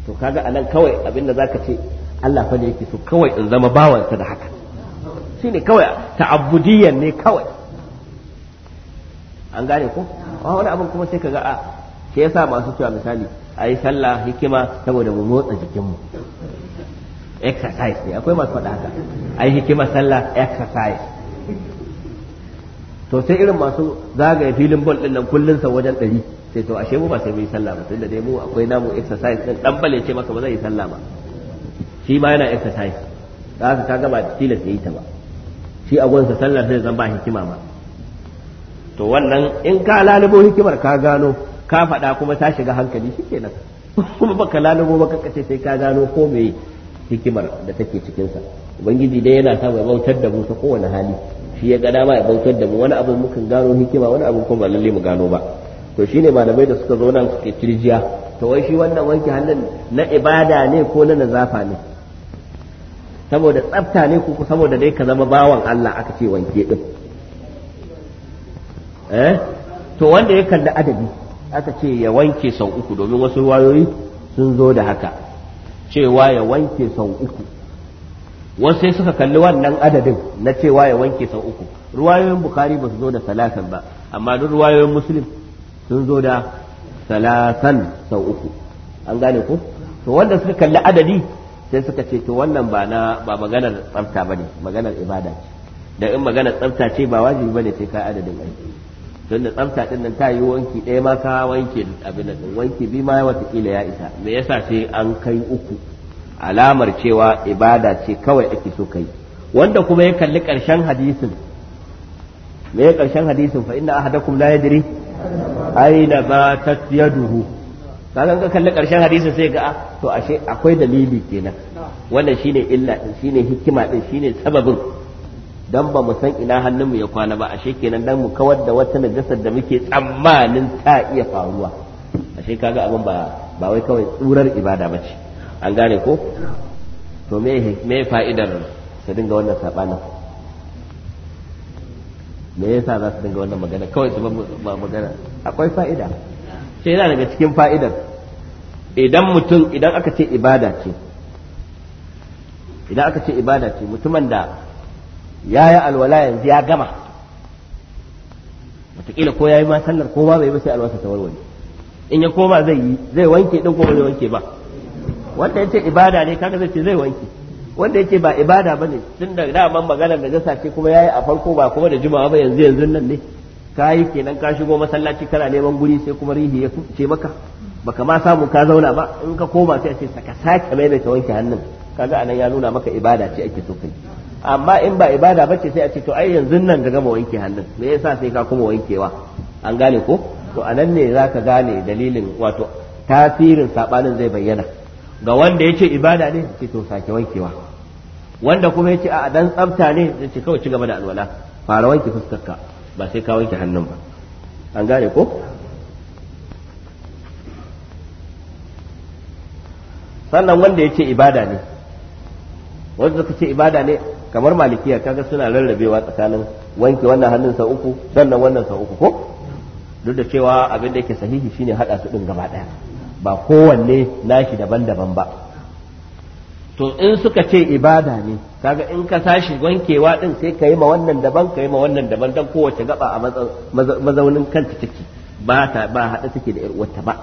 to kaga anan kawai abinda zaka ce Allah fa ne yake so kawai in zama bawansa da haka shine kawai ta'abudiyyan ne kawai an gane ko wani abin kuma sai ga a ah, shi yasa masu cewa misali a yi sallah hikima saboda mu motsa jikinmu exercise ne akwai masu faɗa haka a yi hikima sallah exercise to sai irin masu zagaye filin bol ɗin nan kullun sa wajen ɗari sai to ashe mu ba sai mu yi sallah ba tunda dai mu akwai namu exercise ɗin ɗan bale ce maka ba zai yi sallah ba shi ma yana exercise da haka ka gaba tilas ya yi ta ba shi a gwansa sallar sai zan ba hikima ba to wannan in ka lalubo hikimar ka gano ka faɗa kuma ta shiga hankali shikenan kuma baka lalubo baka kace sai ka gano ko me hikimar da take cikin sa ubangiji dai yana sa ya bautar da mu ta kowane hali shi ya gada ma ya bautar da mu wani abu mukan gano hikima wani abu kuma lalle mu gano ba to shine malamai da suka zo nan suke kirjiya to wai shi wannan wanke hannun na ibada ne ko na nazafa ne saboda tsafta ne ko saboda dai ka zama bawan Allah aka ce wanke din eh to wanda ya kalli adabi aka ce ya wanke sau uku domin wasu wayoyi sun zo da haka cewa ya wanke sau uku wasu sai suka kalli wannan adadin na cewa ya wanke sau uku ruwayoyin bukari ba su zo da salasan ba amma duk ruwayoyin muslim sun zo da salasan sau uku an gane ku to wanda suka kalli adadi sai suka ce to wannan ba na ba maganar tsafta bane maganar ibada ce da in maganar tsafta ce ba wajibi ne sai ka adadin aiki don da tsafta din nan ta yi wanki ɗaya ma ka wanke abin da wanki bi ma watakila ya isa me yasa sai an kai uku alamar cewa ibada ce kawai ake so kai wanda kuma ya kalli ƙarshen hadisin me ya ƙarshen hadisin fa inna ahadakum la yadri aina batat yaduhu kaga ka kalli ƙarshen hadisin sai ga ah, to ashe akwai dalili kenan wannan shine illa shine hikima din shine sababin dan ba mu san ina hannunmu ya kwana ba ashe kenan dan mu kawar da wata najasar da muke tsammanin ta iya faruwa ashe kaga abin ba ba wai kawai tsurar ibada ba ce an gane ko to me me fa'idar su dinga wannan sabanin me yasa za su dinga wannan magana kawai su ba magana akwai fa'ida sai yana daga cikin fa'idar idan mutum idan aka ce ibada ce idan aka ce ibada ce mutumin da ya yi alwala yanzu ya gama wataƙila ko ya yi ko ba bai ba sai alwasa ta warware in ya koma zai yi zai wanke ɗin ko bai wanke ba wanda ya ce ibada ne kaga zai ce zai wanke wanda ce ba ibada ba ne tun da daman maganar da gasa ce kuma yayi a farko ba kuma da jimawa ba yanzu yanzu nan ne ka yi kenan ka shigo masallaci kana neman guri sai kuma rihi ya ce maka baka ma samu ka zauna ba in ka koma sai a ce saka sake maimaita wanke hannun kaga anan ya nuna maka ibada ce ake so kai amma in ba ibada bace sai a ce to ai yanzu nan ga gama wanke hannun me yasa sai ka kuma wankewa an gane ko to anan ne zaka gane dalilin wato tasirin sabanin zai bayyana ga wanda yace ibada ne ce to sake wankewa wanda kuma yace a dan tsafta ne yace kawai ci gaba da alwala fara wanke fuskarka ba sai ka wanke hannun ba an gane ko sannan wanda ya ce ibada ne wanda suka ce ibada ne kamar malikiya kaga suna rarrabewa tsakanin wanke wannan hannun sau uku sannan wannan sau uku ko duk da cewa abin da yake sahihi shine hada su din gaba daya ba kowanne nashi daban-daban ba to in suka ce ibada ne kaga in ka tashi wankewa din sai ka yi ma wannan daban ka yi ma wannan daban dan kowace gaba a mazaunin kanta take ba ta ba hada take da irwata ba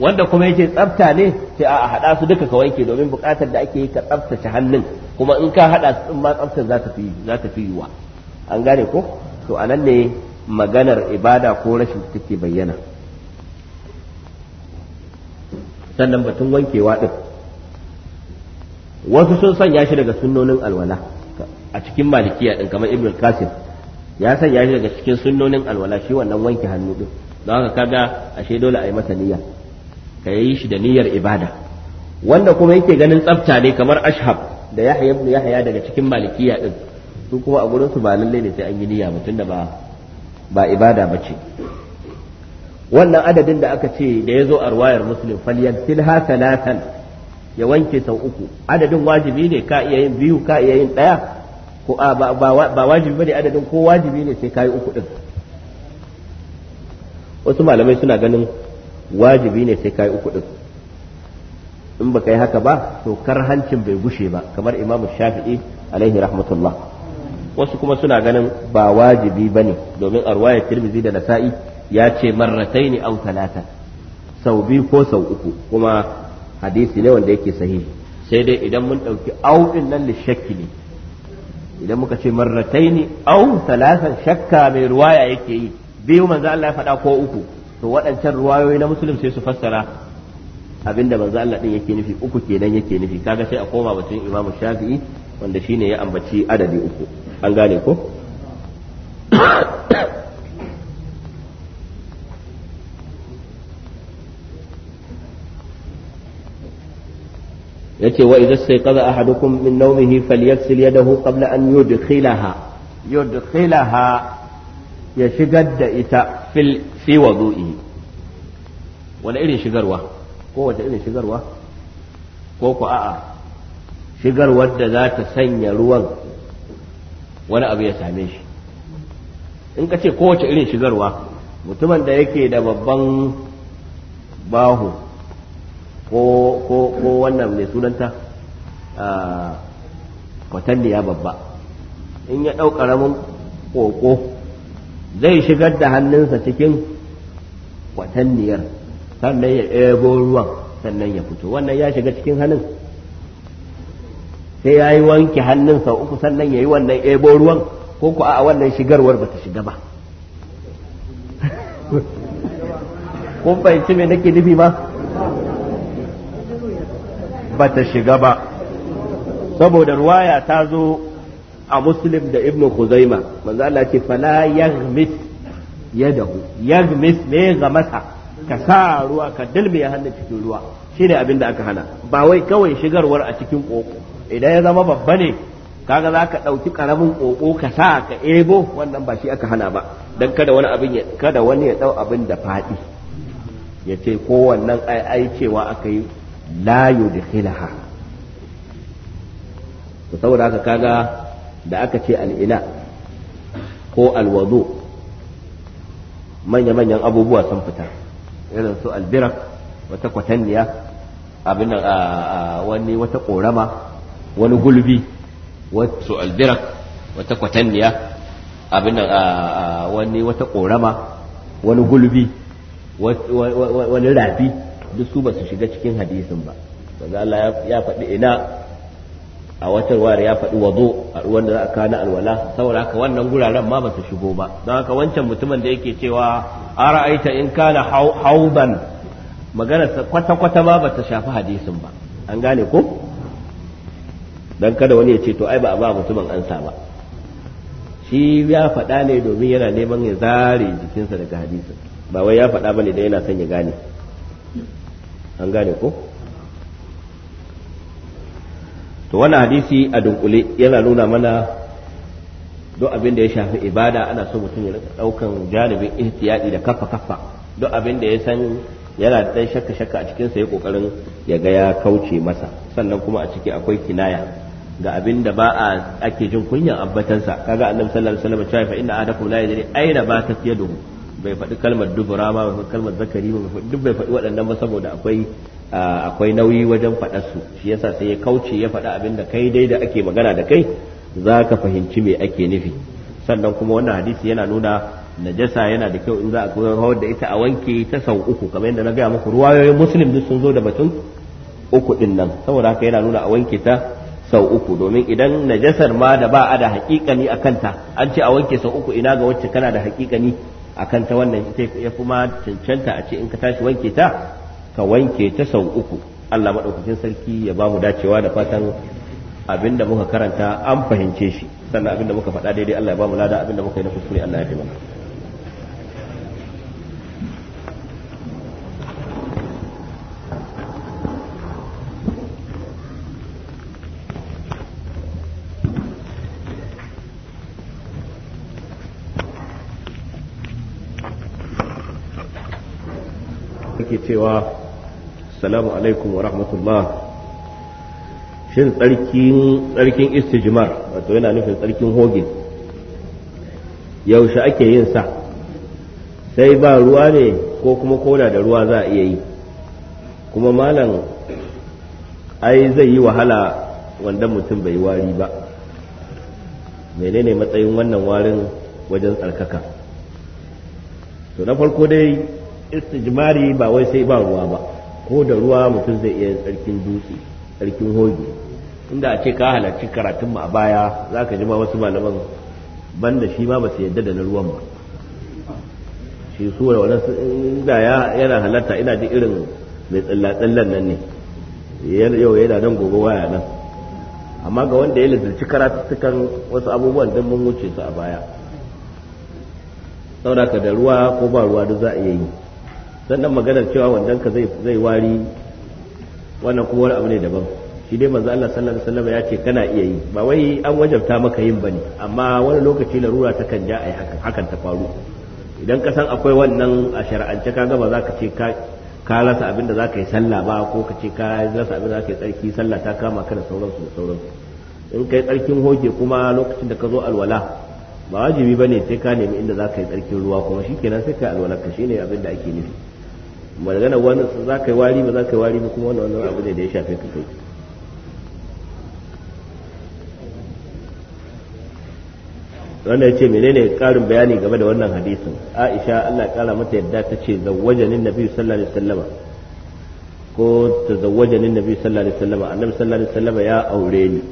wanda kuma yake tsafta ne sai a haɗa su duka ka wanke domin buƙatar da ake yi ka tsaftace hannun kuma in ka haɗa su in ma tsaftar za ta fi za ta fi yiwa an gane ko to anan ne maganar ibada ko rashin take bayyana sannan batun wankewa din wasu sun sanya shi daga sunnonin alwala a cikin malikiya din kamar ibn kasim ya sanya shi daga cikin sunnonin alwala shi wannan wanke hannu din don haka kaga ashe dole a yi masa niyya ka yi shi da niyyar ibada wanda kuma yake ganin tsafta ne kamar ashab da ya yahya ya haya daga cikin malikiya din su kuma a gurin su ba lallai ne sai an yi niyya mutum da ba ba ibada bace wannan adadin da aka ce da ya zo a ruwayar muslim falyansilha talatan ya wanke sau uku adadin wajibi ne ka iya yin biyu ka iya yin ɗaya ko a ba wajibi bane adadin ko wajibi ne sai ka yi uku din wasu malamai suna ganin wajibi ne sai kai uku din in baka yi haka ba to karhancin bai gushe ba kamar imamu shafi'i alaihi rahmatullah wasu kuma suna ganin ba wajibi ba ne domin a tirmizi da nasa'i ya ce marratai ne au talata sau biyu ko sau uku kuma hadisi ne wanda yake sahihi sai dai idan mun ɗauki au ɗin nan shakki ne idan muka ce marratai ne au talatan shakka mai ruwaya yake yi biyu manzo Allah ya faɗa ko uku to waɗancan ruwayoyi na musulun sai su fassara abinda manzo Allah din yake nufi uku kenan yake nufi kaga sai a koma batun Imam Shafi'i wanda shine ya ambaci adadi uku an gane ko yace wa idza sayqadha ahadukum min nawmihi falyaghsil yadahu qabla an yudkhilaha yudkhilaha ya shigar da ita fil fi wudu'i wani irin shigarwa ko wata irin shigarwa ko ku a'a shigarwar da za ta sanya ruwan wani abu ya same shi in ka ce kowace irin shigarwa mutumin da yake da babban baho ko wannan mai sunanta ya babba in ya ɗau ƙaramin ƙoƙo zai shigar da hannunsa cikin kwatanniyar sannan ya ɗebo ruwan sannan ya fito wannan ya shiga cikin hannun sai ya yi wanke hannun sau uku sannan ya yi wannan ɗebo ruwan ko ku a wannan shigarwar ba ta shiga ba kun fahimci me nake nufi ba ba ta shiga ba saboda ruwaya ta zo a muslim da ibnu khuzaima manzo Allah ce fala yaghmis yadahu yagmis me gamasa ka sa ruwa ka ya hannun cikin ruwa shine abin da aka hana ba wai kawai shigarwar a cikin koko idan ya zama babba ne kaga zaka ka ɗauki ƙaramin ƙoƙo ka sa ka ebo wannan ba shi aka hana ba dan kada wani abin ya kada wani ya ɗau abin da faɗi yace ce ko wannan ai ai cewa aka yi la yudkhilaha to saboda haka kaga da aka ce al'ina ko alwazo manya-manyan abubuwa sun fita irin su albirak wata kwatanniya abin wani wata korama wani gulbi wasu albirak wata kwatanniya abin wani wata korama wani gulbi wani rafi duk su ba su shiga cikin hadisin ba Allah ya faɗi ina a wata ruwayar ya faɗi wazo a ruwan da za a kana alwala saboda haka wannan guraren ma ba su shigo ba don haka wancan mutumin da yake cewa a ra'aita in kana hauban magana kwata-kwata ma ba ta shafi hadisin ba an gane ko don kada wani ya ce to ai ba a ba mutumin ansa ba shi ya faɗa ne domin yana neman ya zare jikinsa daga hadisin ba wai ya faɗa ba ne da yana son ya gane an gane ko to wannan hadisi a dunkule yana nuna mana duk abin da ya shafi ibada ana so mutum ya rika daukan jalibin ihtiyadi da kafa kafa duk abin da ya san yana da shakka shakka a cikin sa ya kokarin ya ga ya kauce masa sannan kuma a ciki akwai kinaya ga abin da ba a ake jin kunyan abbatansa kaga annabi sallallahu alaihi wasallam cewa fa inna adakum la yadri aina ba ta yadu bai faɗi kalmar dubura ba bai faɗi kalmar zakari ba duk bai faɗi waɗannan ba saboda akwai akwai nauyi wajen faɗa su shi yasa sai ya kauce ya faɗa abin da kai dai da ake magana da kai za ka fahimci me ake nufi sannan kuma wannan hadisi yana nuna najasa yana da kyau in za a kawar da ita a wanke ta sau uku kamar yadda na gaya muku ruwayoyin muslim duk sun zo da batun uku din nan saboda haka yana nuna a wanke ta sau uku domin idan najasar ma da ba a da hakikani a kanta an ce a wanke sau uku ina ga wacce kana da hakikani a kanta wannan ita ya kuma cancanta a ce in ka tashi wanke ta ka wanke ta sau uku Allah maɗaukacin sarki ya ba mu dacewa da fatan abin da muka karanta an fahimce shi sannan abin da muka faɗa daidai Allah ya ba mu lada abin da muka yi na kuskure Allah ya fi mana cewa assalamu alaikum wa rahmatullah shin tsarkin tsarkin istijmar wato yana nufin tsarkin hogin yaushe ake yin sa sai ba ruwa ne ko kuma koda da ruwa za a iya yi kuma malam ai zai yi wahala wanda mutum bai wari ba menene matsayin wannan warin wajen tsarkaka to na farko dai istijmari ba wai sai ba ruwa ba ko da ruwa mutum zai iya tsarkin dutse tsarkin hoge inda a ce ka halarci karatun mu a baya za ka ji wasu malaman banda shi ma ba su yadda da na ruwan ba shi su da wani inda yana halarta ina ji irin mai tsallatsallan nan ne yau yana nan gobe waya nan amma ga wanda ya lizarci karatukan wasu abubuwan don mun wuce su a baya saboda ka da ruwa ko ba ruwa duk za a iya yi sannan maganar cewa wandan ka zai wari wannan wani abu ne daban shi dai manzo Allah sallallahu alaihi wasallam ya ce kana iya yi ba wai an wajabta maka yin bane amma wani lokaci larura ta kan ja ai hakan hakan ta faru idan kasan san akwai wannan a shar'ance kaga ba za ka ce ka ka rasa abin da za ka yi sallah ba ko ka ce ka rasa abin da za ka yi tsarki sallah ta kama ka da sauransu da sauransu in ka tsarkin hoge kuma lokacin da ka zo alwala ba wajibi ba ne sai ka nemi inda za ka yi tsarkin ruwa kuma shi kenan sai ka alwala shi ne abin da ake nufi magana wani za ka yi wari ba za ka yi wari ba kuma wani wani abu ne da ya shafe ka kai wanda ya ce menene karin bayani game da wannan hadisin aisha allah kara mata yadda ta ce zawwajanin na biyu sallari sallama ko ta zawwajanin na biyu sallari sallama annabi sallari sallama ya aure ni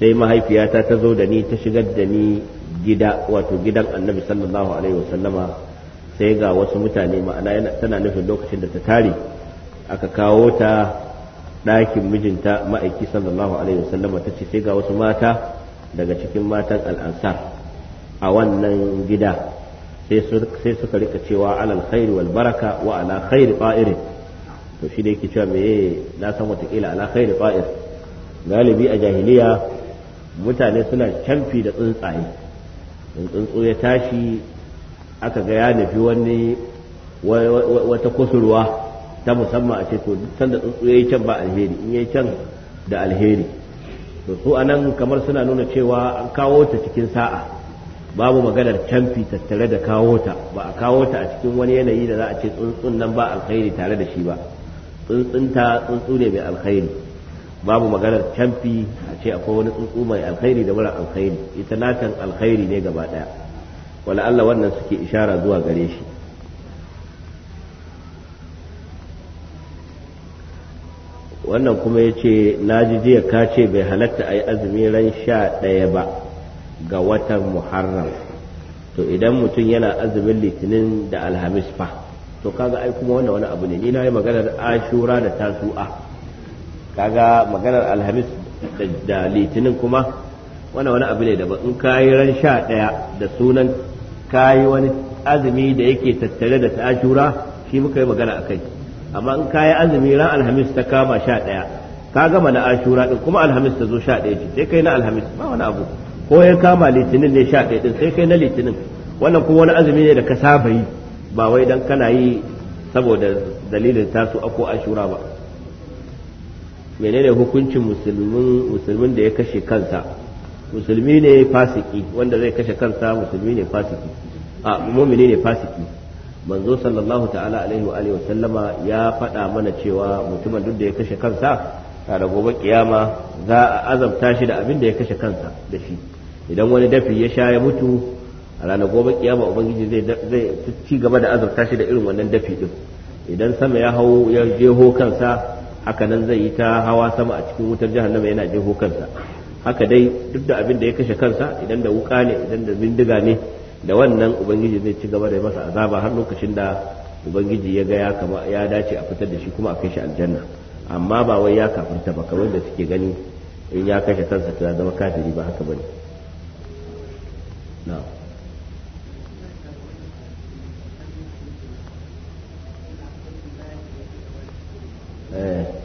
sai mahaifiyata ta zo da ni ta shigar da ni gida wato gidan annabi sallallahu alaihi wasallama sai ga wasu mutane ma'ana tana nufin lokacin da ta tare aka kawo ta ɗakin mijinta ma'aiki sallallahu alaihi wasallama ta ce sai ga wasu mata daga cikin matan al'ansar a wannan gida sai suka rika cewa alal khairi wal baraka wa ala khairi fa'irin to shi da yake cewa meye na san watakila ala khairi fa'ir galibi a jahiliya mutane suna canfi da tsuntsaye in tsuntsu ya tashi aka ga ya nufi wani wata kusurwa ta musamman a ce to duk sanda tsuntsu ya yi can ba alheri in yi can da alheri to su nan kamar suna nuna cewa an kawo ta cikin sa'a babu maganar canfi tattare da kawo ta ba a kawo ta a cikin wani yanayi da za a ce tsuntsun nan ba alkhairi tare da shi ba tsuntsunta tsuntsu ne mai alkhairi babu maganar canfi a ce akwai wani tsuntsu mai alkhairi da mara alkhairi ita natan alkhairi ne gaba daya wala Allah wannan suke ishara zuwa gare shi wannan kuma ya ce na ji jiya ka ce bai halatta a yi azumi ran sha ɗaya ba ga watan muharram to idan mutum yana azumin litinin da alhamis fa to kaga ai kuma wannan wani abu ne ni na yi maganar ashura da tasu'a kaga maganar alhamis da litinin kuma wannan wani abu ne daban in ka yi ran sha ɗaya da sunan kayi wani azumi da yake tattare da ashura shi muka yi magana a kai amma in kayi azumi ran alhamis ta kama sha ɗaya ka gama na ashura ɗin kuma alhamis ta zo sha ɗaya ce sai kai na alhamis ba wani abu ko ya kama litinin ne sha ɗaya ɗin sai kai na litinin wannan kuma wani azumi ne da ka saba yi ba wai dan kana yi saboda dalilin tasu ako ashura ba menene hukuncin musulmin musulmin da ya kashe kansa musulmi ne fasiki wanda zai kashe kansa musulmi ne fasiki a mumini ne fasiki manzo sallallahu ta'ala alaihi wa alihi sallama ya faɗa mana cewa mutumin duk da ya kashe kansa da gobe kiyama za a azabta shi da abin da ya kashe kansa da shi idan wani dafi ya sha ya mutu a ranar gobe kiyama ubangiji zai zai ci gaba da azabta shi da irin wannan dafi din idan sama ya hau ya jeho kansa haka nan zai yi ta hawa sama a cikin wutar jahannama yana jeho kansa haka dai duk da abin da ya kashe kansa idan da wuka ne idan da bindiga ne da wannan ubangiji zai ci gaba da masa azaba har lokacin da ubangiji ya ga ya kama ya dace a fitar da shi kuma a kai shi aljanna amma ba wai ya kafirta ba kamar da suke gani in ya kashe kansa ta zama kafiri ba haka bane na'am eh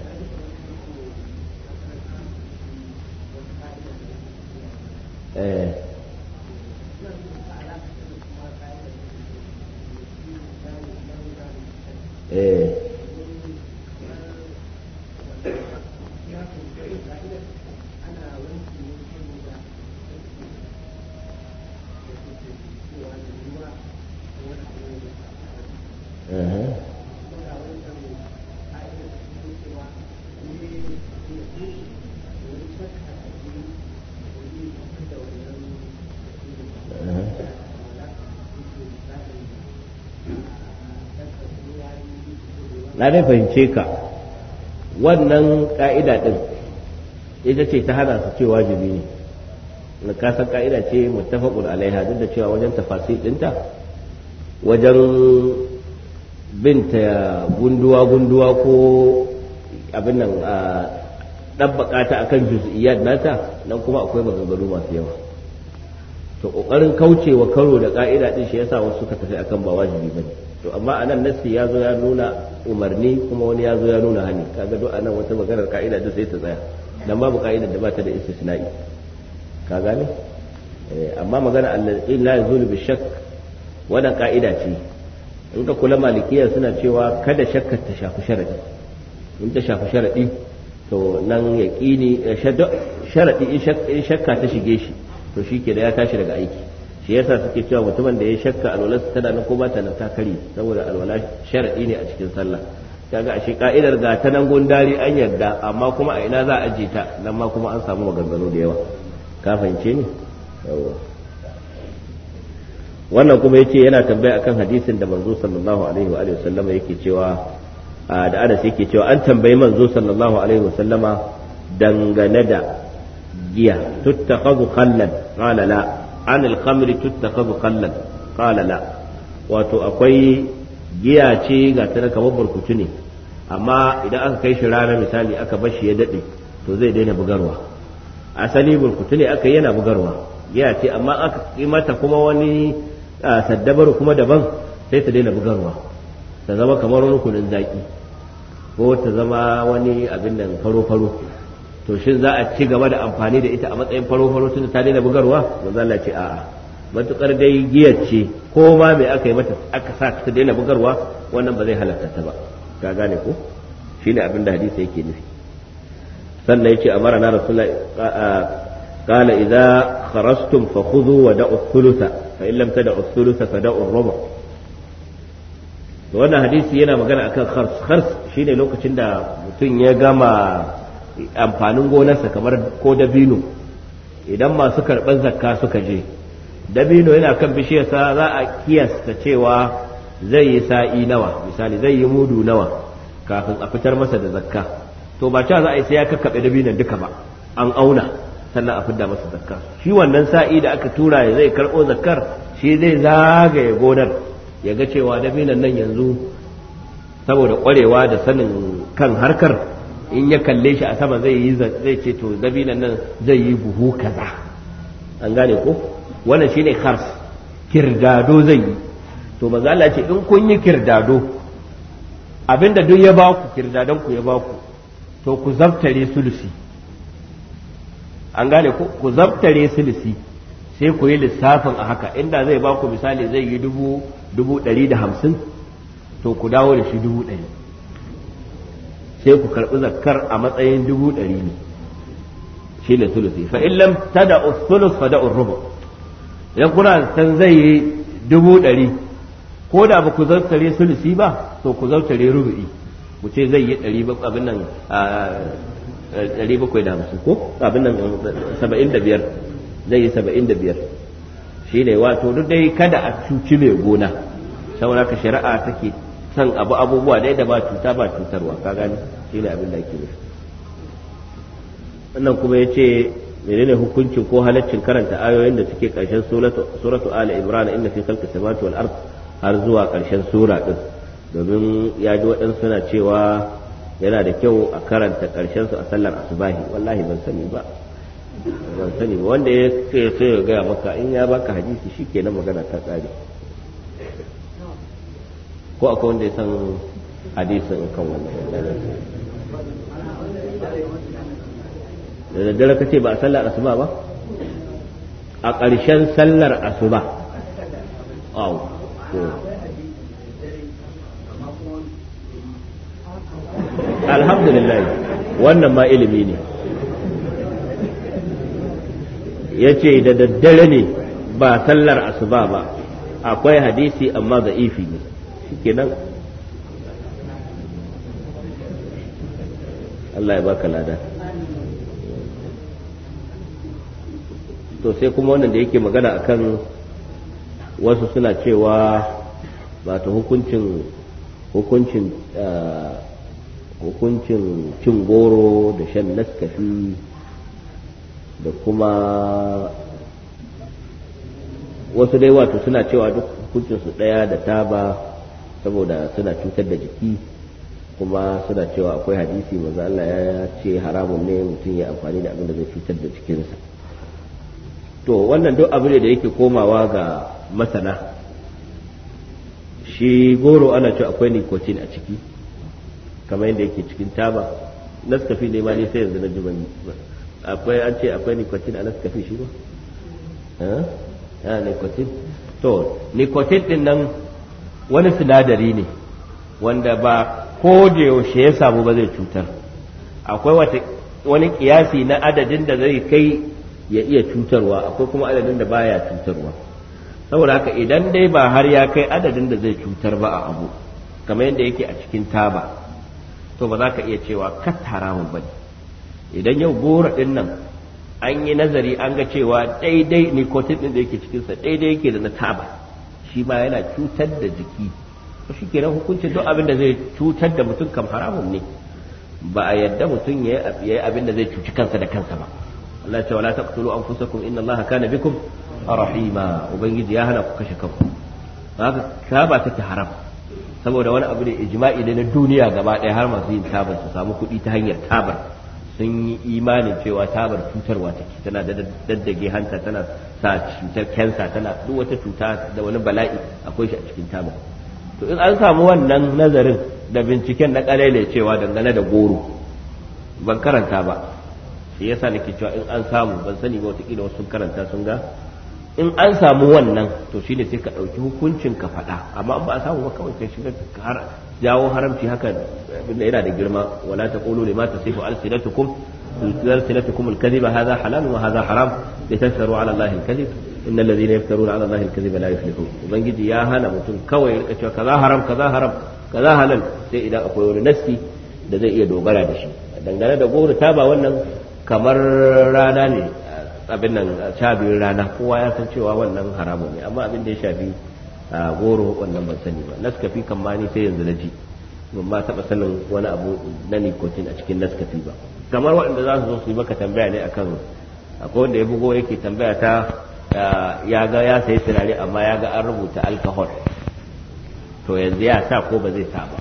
eh, na dai fahimce ka wannan ka'ida din ita ce ta hana su ce wajibi ne na kasan ka'ida ce muttafaqun alaiha duk da cewa wajen tafasi dinta wajen binta gunduwa gunduwa ko abin nan a ta akan juz'iyyat nata nan kuma akwai maganganu masu yawa to kokarin kaucewa karo da ka'ida din shi yasa wasu suka tafi akan ba wajibi bane to amma anan nassi ya zo ya nuna umarni kuma wani ya zo ya nuna hani kaga duk anan wata maganar ka'ida din sai ta tsaya dan babu ka'idar da ba ta da istisna'i ka gane eh, amma magana allazi la yazulu bi shakk wannan ka'ida ce Duka kula malikiya suna cewa kada shakkar ta shafi sharadi in ta shafi sharadi to nan yaqini eh, sharadi in shakka ta shige shi to shi ke da ya tashi daga aiki shi yasa suke cewa mutumin da ya shakka alwala tana nan ko ba ta nan ta saboda alwala shar'i ne a cikin sallah kaga ashe ka'idar ga ta nan gundari an yarda amma kuma a ina za a je ta nan ma kuma an samu maganganu da yawa ka fahimce ni wannan kuma yace yana tambaya akan hadisin da manzo sallallahu alaihi wa alihi sallama yake cewa da Anas yake cewa an tambayi manzo sallallahu alaihi sallama dangane da giya tuttakhadhu khallan qala la anil khamri tuttakhadhu khallan qala la wato akwai giya ce ga ta kamar burkutu ne amma idan aka kai shi rana misali aka bar shi ya daɗe, to zai daina bugarwa asali burkutu ne aka yana bugarwa giya ce amma aka yi mata kuma wani saddabar kuma daban sai ta daina bugarwa ta zama kamar rukunin zaki ko ta zama wani abin nan faro-faro to shi za a ci gaba da amfani da ita a matsayin faro faro tun ta daina bugarwa za a ce a'a matukar dai giyar ce ko ma me aka yi mata aka sa ta daina bugarwa wannan ba zai halatta ta ba ka gane ko shine abin da hadisa yake nufi sannan a mara na rasulullah قال إذا خرجتم فخذوا ودعوا الثلث فإن لم تدعوا فدعوا الربع wannan hadisi yana magana akan khars khars shine lokacin da mutum ya gama amfanin gonarsa kamar ko dabino idan masu karɓar zakka suka je dabino yana kan bishiyarsa za a kiyasta cewa zai yi sa'i nawa misali zai yi mudu nawa kafin a fitar masa da zakka to ba cewa za a yi sai ya kakkaɓe dabino duka ba an auna sannan a fidda masa zakka shi wannan sa'i da aka tura ya zai karɓo zakkar shi zai zagaye gonar ya ga cewa dabinon nan yanzu saboda ƙwarewa da sanin kan harkar in ya kalle shi a sama zai yi zai ce to dabinan nan zai yi buhu kaza an gane ko wannan shine khars kirdado zai yi to manzo Allah ce in kun yi kirdado abinda duk ya ba ku kirdadan ku ya ba ku to ku zabtare sulusi an gane ko ku zabtare sulusi sai ku yi lissafin a haka inda zai ba ku misali zai yi dubu dubu ɗari da hamsin to ku dawo da shi dubu ɗari sai ku karɓi zakkar a matsayin dubu ɗari ne shi ne sulusi fa illam tada usulus fa da urubu idan kuna san zai yi dubu ɗari ko da ba ku zartare sulusi ba to ku zartare rubu'i ku ce zai yi ɗari abin nan ɗari bakwai da hamsin ko abin nan saba'in da biyar zai yi saba'in da biyar shi ne wato duk dai kada a cuci mai gona saboda ka shari'a take san abu abubuwa dai da ba cuta ba cutarwa ka gani shi ne abin da ake nufi wannan kuma ya ce menene hukuncin ko halaccin karanta ayoyin da suke karshen suratu ali imran inda fi kalka samawati wal har zuwa karshen sura din domin ya ji waɗansu na cewa yana da kyau a karanta karshen su a sallar asubahi wallahi ban sani ba ban sani ba wanda ya ce ya gaya maka in ya baka hadisi na magana ta tsare ko akwai wanda ya san hadisin kan wannan da dare ka ce ba a sallar asuba ba a ƙarshen sallar asuba aw alhamdulillah wannan ma ilimi ne ya ce da daddare ne ba sallar asuba ba akwai hadisi amma da ifi ne shikenan Allah ya baka lada to sai kuma wannan da yake magana akan wasu suna cewa ba ta hukuncin hukuncin eh, hukuncin cin goro da shan naskafi da kuma wasu dai wato suna cewa duk hukuncinsu ɗaya da taba saboda suna cutar da jiki kuma suna cewa akwai hadisi manzo Allah ya ce haramun ne mutum ya amfani da abin da zai cutar da jikinsa to wannan duk abu ne da yake komawa ga masana shi goro ana cewa akwai nicotine a ciki kamar yadda yake cikin taba naskafi ne ma ne sai yanzu na ji ban akwai an ce akwai nicotine a naskafi shi ba eh ah, nicotine to nicotine din nan wani sinadari ne wanda ba ko da yaushe ya samu ba zai cutar akwai wani kiyasi na adadin da zai kai ya iya cutarwa akwai kuma adadin da baya cutarwa saboda haka idan dai ba har ya kai adadin da zai cutar ba a abu kamar yadda yake a cikin taba to ba za ka iya cewa kat haramun ba idan yau gora din nan an yi nazari an ga cewa daidai nicotine din da yake cikinsa daidai yake da na taba shi ma yana cutar da jiki to shi kenan hukuncin duk abin da zai cutar da mutum kam haramun ne ba a yadda mutum ya yi abin da zai cuci kansa da kansa ba Allah ya ce wala taqtulu anfusakum inna Allaha kana bikum rahima ubangiji ya hana ku kashe kanku haka taba take haram saboda wani abu ne ijma'i ne na duniya gaba ɗaya har masu yin tabar su samu kuɗi ta hanyar tabar sun yi imanin cewa tabar cutarwa take tana daddage hanta tana sa cutar kensa tana duk wata cuta da wani bala'i akwai shi a cikin tabar to in an samu wannan nazarin da binciken na kalele cewa dangane da goro ban karanta ba shi yasa nake cewa in an samu ban sani ba watakila wasu sun karanta sun ga in an samu wannan to shine sai ka ɗauki hukuncin ka faɗa amma ba a samu ba kawai ka shiga har jawo haramci haka yana da girma wala ta taqulu lima tasifu alsinatukum alsinatukum alkadhiba hadha halal wa hadha haram litaftaru ala allahi alkadhib inna alladhina yaftaruna ala allahi alkadhiba la yuflihun ubangiji ya hana mutum kawai ya cewa kaza haram kaza haram kaza halal sai idan akwai wani nasti da zai iya dogara da shi dangane da goro ta ba wannan kamar rana ne abin nan sha biyun rana kowa ya san cewa wannan haramun ne amma abin da ya shafi goro wannan ban sani ba naskafi kan ma ni sai yanzu na ji ban ma taɓa sanin wani abu na nikotin a cikin naskafi ba kamar waɗanda za su zo su yi maka tambaya ne akan akwai wanda ya bugo yake tambaya ta ya ga ya sayi turare amma ya ga an rubuta alkahol to yanzu ya sa ko ba zai sa ba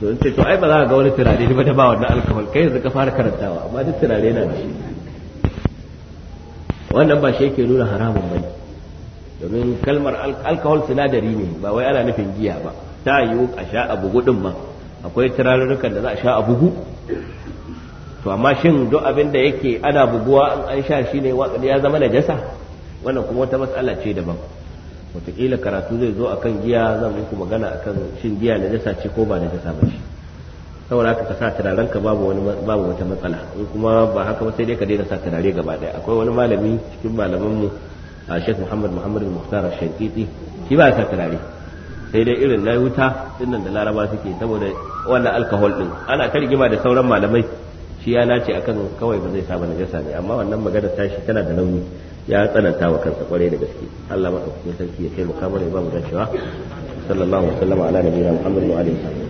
to in ce to ai ba za ka ga wani turare ba da ba wannan alkawal kai yanzu ka fara karantawa amma duk turare na da shi wannan ba shi yake nuna haramun bane domin kalmar alkawal sinadari ne ba wai ana nufin giya ba ta yiwu a sha a bugu din ma akwai turarurrukan da za a sha a bugu to amma shin duk abin da yake ana buguwa an sha shi ne ya zama najasa wannan kuma wata matsala ce daban wataƙila karatu zai zo akan giya zan muku magana akan shin giya na jasa ce ko ba na jasa ba shi saboda haka ka sa turaren ka babu wani babu wata matsala in kuma ba haka ba sai dai ka daina sa turare gaba daya akwai wani malami cikin malaman mu a Sheikh Muhammad Muhammad Muhtar Shankiti shi ba sa turare sai dai irin na wuta dinnan da Laraba suke saboda wannan alcohol din ana ta rigima da sauran malamai shi ya nace akan kawai ba zai saba ba najasa ne amma wannan magana tashi tana da nauyi ya tsananta wa kansa kwarai da gaske Allah madaukakin sarki ya taimaka mana ya ba mu dacewa sallallahu alaihi wa sallam ala nabiyina muhammad wa alihi